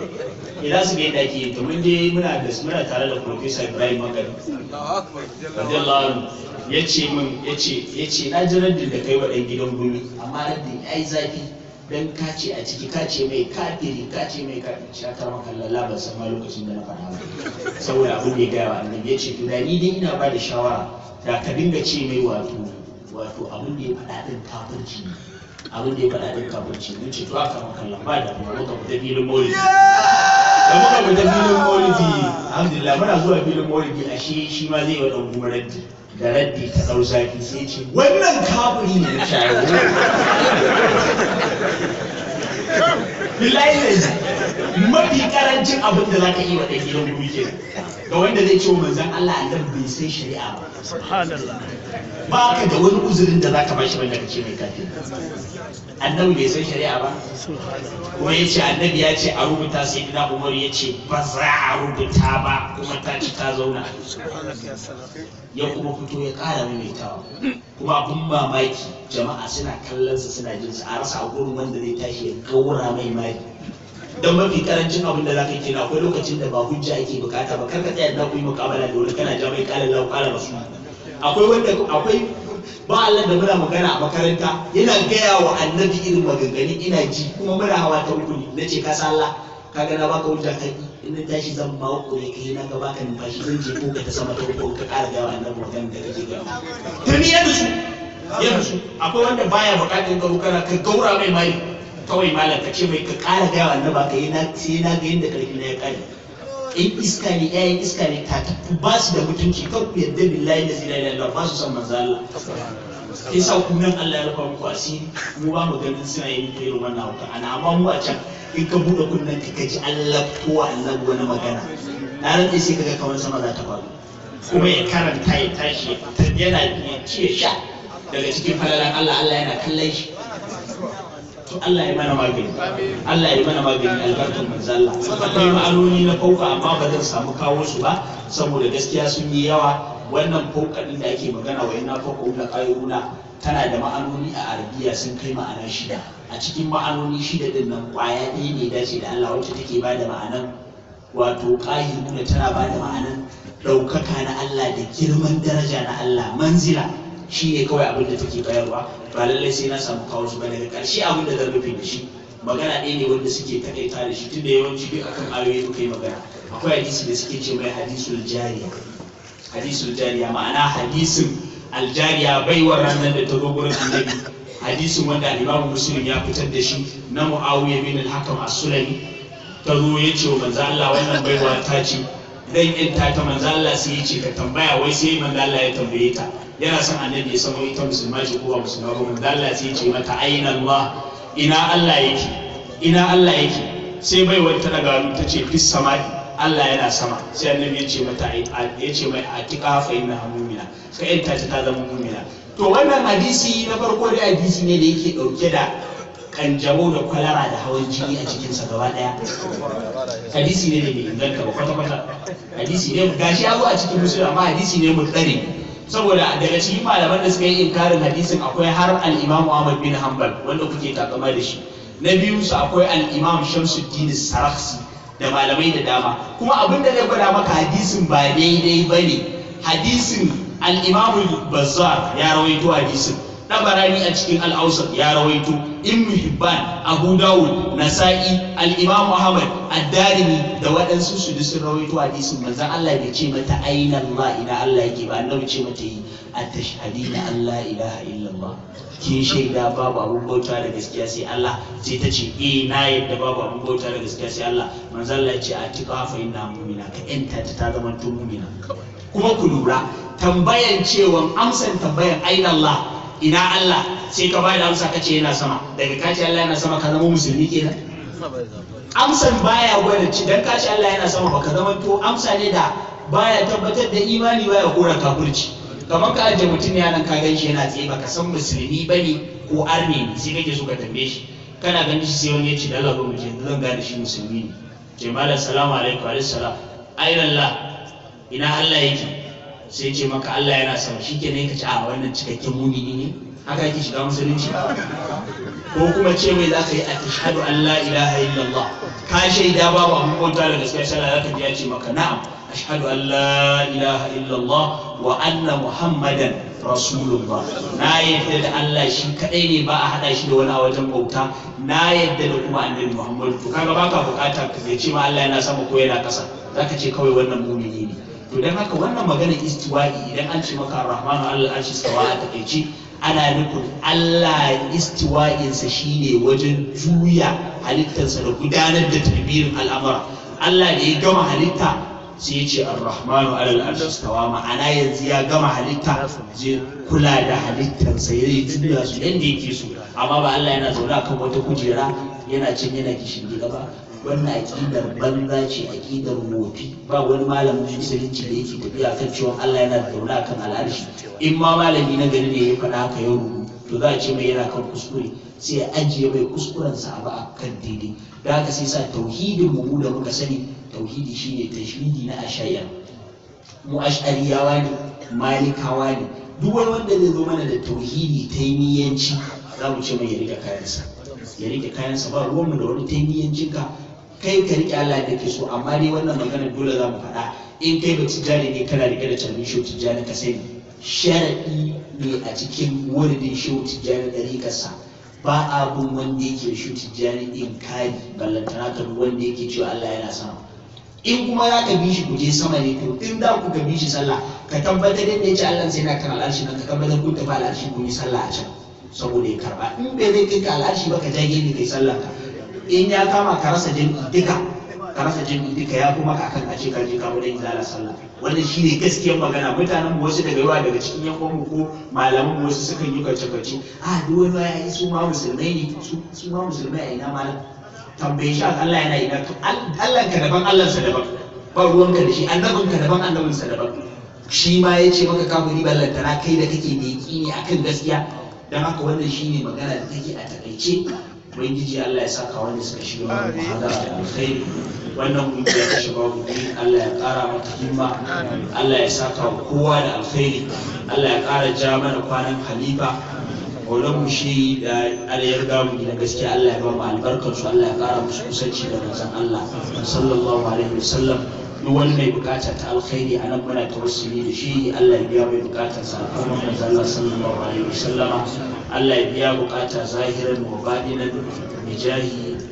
ila su ga yadda ake to mun muna da muna tare da profesa Ibrahim Magari radiyallahu anhu yace min yace yace na ji da kai wa dan gidan gumi amma ya ai zafi dan ka ce a ciki ka ce mai kafiri ka ce mai kafiri shi aka maka lalla ban san ma lokacin da na fara haka saboda abin da ya gaya wa annabi ya ce to da ni dai ina ba da shawara da ka dinga ce mai wato wato abin da ya faɗa din kafirci ne abin da ya faɗa din kafirci ne ce to aka maka lalla ba da kuma muka fita filin maulidi da muka fita filin maulidi alhamdulillah muna zuwa filin maulidi ashe shi ma zai yi wa ɗan gumarar da raddi ta dau zafi sai ce wannan kafiri ne na [LAUGHS] mafi karancin abin da za ka yi wa ɗan gidan guri ke ga wanda zai ce wa manzan Allah a bai sai shari'a ba ba ka da wani uzurin da za ka bashi wanda ka ce mai kafi annabi bai san shari'a ba kuma ya ce annabi ya ce a rubuta sai dina umar ya ce ba za a rubuta ba kuma ta ci ta zauna ya kuma fito ya ƙara maimaitawa kuma abin mamaki jama'a suna kallonsa suna jinsa a rasa a gurin wanda zai tashi ya gaura mai mari don mafi karancin abin da za ka yi kenan akwai lokacin da ba hujja ake bukata ba karka tsaya na ku yi mukabala da wani kana ja mai kala lau kala masu akwai wanda akwai ba Allah da muna magana a makaranta yana gaya wa annabi irin maganganun ina ji kuma muna hawa ta uku ne na ce ka sallah, Allah ka ga na baka hujja ka in na tashi zan ba ku da kai na ga baka numfashi zan je ko ka ta sama ta uku ka kara gaya wa annabi maganar da kake gaya tuni ya su, ya su, akwai wanda baya bukatar ka kana ka gaura mai mai kawai malam ka ce mai ka kara gaya wa annaba ka yi na sai na ga yadda karfi na ya ƙare in iska ne ƴaƴan iska ne ta tafi ba su da mutunci kan ku yadda billahi da zira da ba su san manzo Allah sa ku Allah ya rufa muku asi mu ba mu ganin suna yin irin wannan hauka ana amma mu a can in ka buɗe kunnen ka ji Allah ko Allah wani magana na ɗaya sai kaga kamar sama za ta faru kuma ya karanta ya tashi yana ya ce sha daga cikin falalan Allah Allah yana kallon shi to Allah ya mana magani Allah ya mana magani albarkar manzalla akwai ma'anoni na fauka amma ba zan samu kawo su ba saboda gaskiya sun yi yawa wannan faukaɗin da ake magana wa yana fauka da ƙayyuna tana da ma'anoni a arabiya sun kai ma'ana shida a cikin ma'anoni shida din nan ƙwaya ɗaya ne dace da Allah wacce take ba da ma'anan wato ƙayyuna tana ba da ma'anan ɗaukaka na Allah da girman daraja na Allah manzila shi ne kawai abin da take bayarwa ba lallai sai na samu kawo su ba daga ƙarshe abin da zan rufe da shi magana ɗaya ne wanda suke takaita da shi tunda yawanci duk akan ayoyi muka yi magana akwai hadisi da suke ce mai hadisul jariya hadisul jariya ma'ana hadisin aljariya baiwar ranar da ta gogoro annabi hadisin wanda alimamu musulun ya fitar da shi na muawiya bin al-hakam as-sulami ta zo ya ce wa manzo Allah wannan baiwa ta ce dan in ta ta Allah sai ya ce ka tambaya wai sai manzo Allah ya tambaye ta yana son annabi ya samu ita musulma ce ko ba musulma ba manzo Allah sai ce mata aina Allah ina Allah yake ina Allah yake sai bai wani ta daga ta ce fis samai Allah yana sama sai annabi ya ce mata ya ce mai aqiqa fa inna mu'mina ka yanta ta ta zama mu'mina to wannan hadisi na farko da hadisi ne da yake dauke da kanjamau da kwalara da hawan jini a cikinsa gaba daya hadisi ne da mai inganta ba kwata-kwata hadisi ne gashi ya zo a cikin musulma amma hadisi ne mu tsare saboda daga cikin malaman da suka yi inkarin hadisin akwai har al-Imam Ahmad bin Hanbal wanda kuke takama da shi na biyu su akwai al-Imam Shamsuddin Sarakhsi da malamai da dama kuma abin da zai gwada maka hadisin ba daidai bane hadisin al-Imam Bazzar ya rawaito hadisin barani a cikin al ya rawaito ibn hibban abu dawud nasa'i al-imam muhammad ad-darimi da waɗansu su sun rawaito hadisin manzon Allah bai ce mata aina Allah ina Allah yake ba annabi ce mata yi at-tashhadina Allah ilaha illallah kin shaida babu abun bauta da gaskiya sai Allah sai ta ce eh na yadda babu abun bauta da gaskiya sai Allah manzon Allah ya ce a tiqa fa inna mu'mina ka enta ta zama mu'mina kuma ku lura tambayan cewa amsan tambayan aina Allah ina Allah sai ka bada amsa kace yana sama daga kace Allah yana sama ka zama musulmi kenan amsan baya gwada ci dan kace Allah yana sama baka zama to amsa ne da baya tabbatar da imani baya kora kafirci kamar ka ajiye mutum ya nan ka gan shi yana tsaye baka san musulmi bane ko arne ne sai kake so ka tambaye shi kana ganin shi sai wani ya ce da Allah mu je zan gane shi musulmi ne ce malam assalamu alaikum alaihi salam ayyallah ina Allah yake sai ce maka Allah yana sama shi ke ka ci a wannan cikakken mumini ne haka yake shiga musulunci ko kuma ce mai za ka yi a tashadu an la ilaha illallah ka shaida babu abin kwanta da gaskiya sallah za ka biya ce maka na'am ashhadu an la ilaha illallah wa anna muhammadan rasulullah na yadda da Allah shi kadai ne ba a hada shi da wani a wajen bauta na yadda da kuma annabi muhammadu to kaga baka bukatar ka ce ma Allah yana sama ko yana kasa zaka ce kawai wannan mumini ne to don haka wannan maganar istiwa'i idan an ce maka rahmanu allah shi sawa a takaici ana nufin allah istiwa'insa shine wajen juya halittarsa da gudanar da tarbiyyar al'amura allah da ya gama halitta sai ya ce ar-rahmanu alal arshi stawa ma'ana yanzu ya gama halitta zai kula da halittarsa ya yi juya su yadda yake so amma ba Allah yana zaune kan wata kujera yana cin yana kishin gida ba wannan aƙidar banza ce aƙidar wofi ba wani malamin musulunci da yake tafiya kan cewa Allah yana da zaune kan al'arshi in ma malami na gari ne ya faɗa haka ya rubu to za a ce mai yana kan kuskure sai ya ajiye mai sa ba a kan daidai da haka sai sa tauhidin mu da muka sani tauhidi shine tashmidi na ashayar mu ash'ariyawa ne malikawa ne duk wani wanda zai zo mana da tauhidi ta miyanci za mu ce mai ya rike kayansa ya rike kayansa ba ruwanmu da wani taimiyancin kai ka riƙe Allah da ke so amma dai wannan magana dole za mu faɗa in kai ba tijjani ne kana riƙe da tarmin shehu tijjani ka sani sharaɗi ne a cikin wuridin shehu tijjani ɗariƙarsa ba abun wanda yake shehu tijjani in kari ballantana kan wanda yake cewa Allah yana sama in kuma za ka bi shi ku je sama ne to in da ku ka bi shi sallah ka tabbatar da yace Allah sai na kan al'arshi nan ka tabbatar kun tafi al'arshi kun yi sallah a can saboda ya karba in bai zai kai ka al'arshi ba ka jage ne kai sallah ka in ya kama ka rasa jami'in duka ka rasa jami'in duka ya kuma ka kan a ce ka je ka wurin izala sallah wannan shine gaskiyar magana mutanen wasu daga yawa daga cikin yan uwan ko malaman wasu sukan yi kace kace a duk wani ya yi su ma musulmai ne su ma musulmai a ina malam tambaye shi Allah yana ina Allah ka daban Allah sa daban ba ka da shi annabin ka daban annabin sa daban shi ma ya ce maka kafiri ballantana kai da kake da yaƙini akan gaskiya dan haka wannan shine magana da take a takaice ubangiji Allah ya saka wanda suka shiga wannan muhadara da alkhairi wannan kungiya ta shabab din Allah ya kara mata himma Allah ya saka kowa da alkhairi Allah ya kara ja mana kwanan halifa Wannan mu shi da alayar gamu na gaskiya Allah ya ba mu albarkar su Allah ya kara musu kusanci da manzon Allah sallallahu alaihi wasallam duk mai bukata ta alkhairi a nan muna tausiri da shi Allah ya biya mai bukata sa kuma mai zalla sallallahu alaihi wasallam Allah ya biya bukata zahirar wa badina bi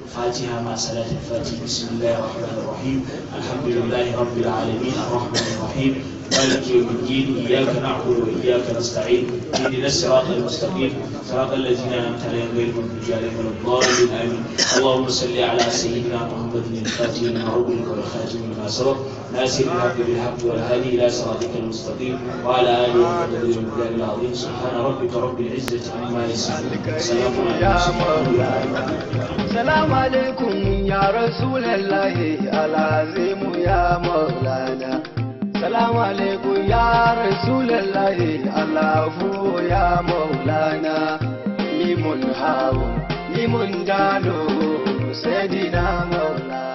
fatiha ma salati fatiha bismillahir rahmanir rahim alhamdulillahi rabbil alamin arrahmanir rahim مالك يوم الدين اياك نعبد واياك نستعين اهدنا الصراط المستقيم صراط الذين انعمت عليهم غير المغضوب عليهم ولا الضالين امين اللهم صل على سيدنا محمد الخاتم من اغلق والخاتم لما سبق ناسي الحق بالحق والهادي الى صراطك المستقيم وعلى اله وصحبه وسلم العظيم سبحان ربك رب العزه عما يصفون سلام عليكم يا سلام عليكم يا رسول الله العظيم يا مولانا salamu alaikum ya rasulallahi alafu ya maulana limun hawo limun dalo sai maulana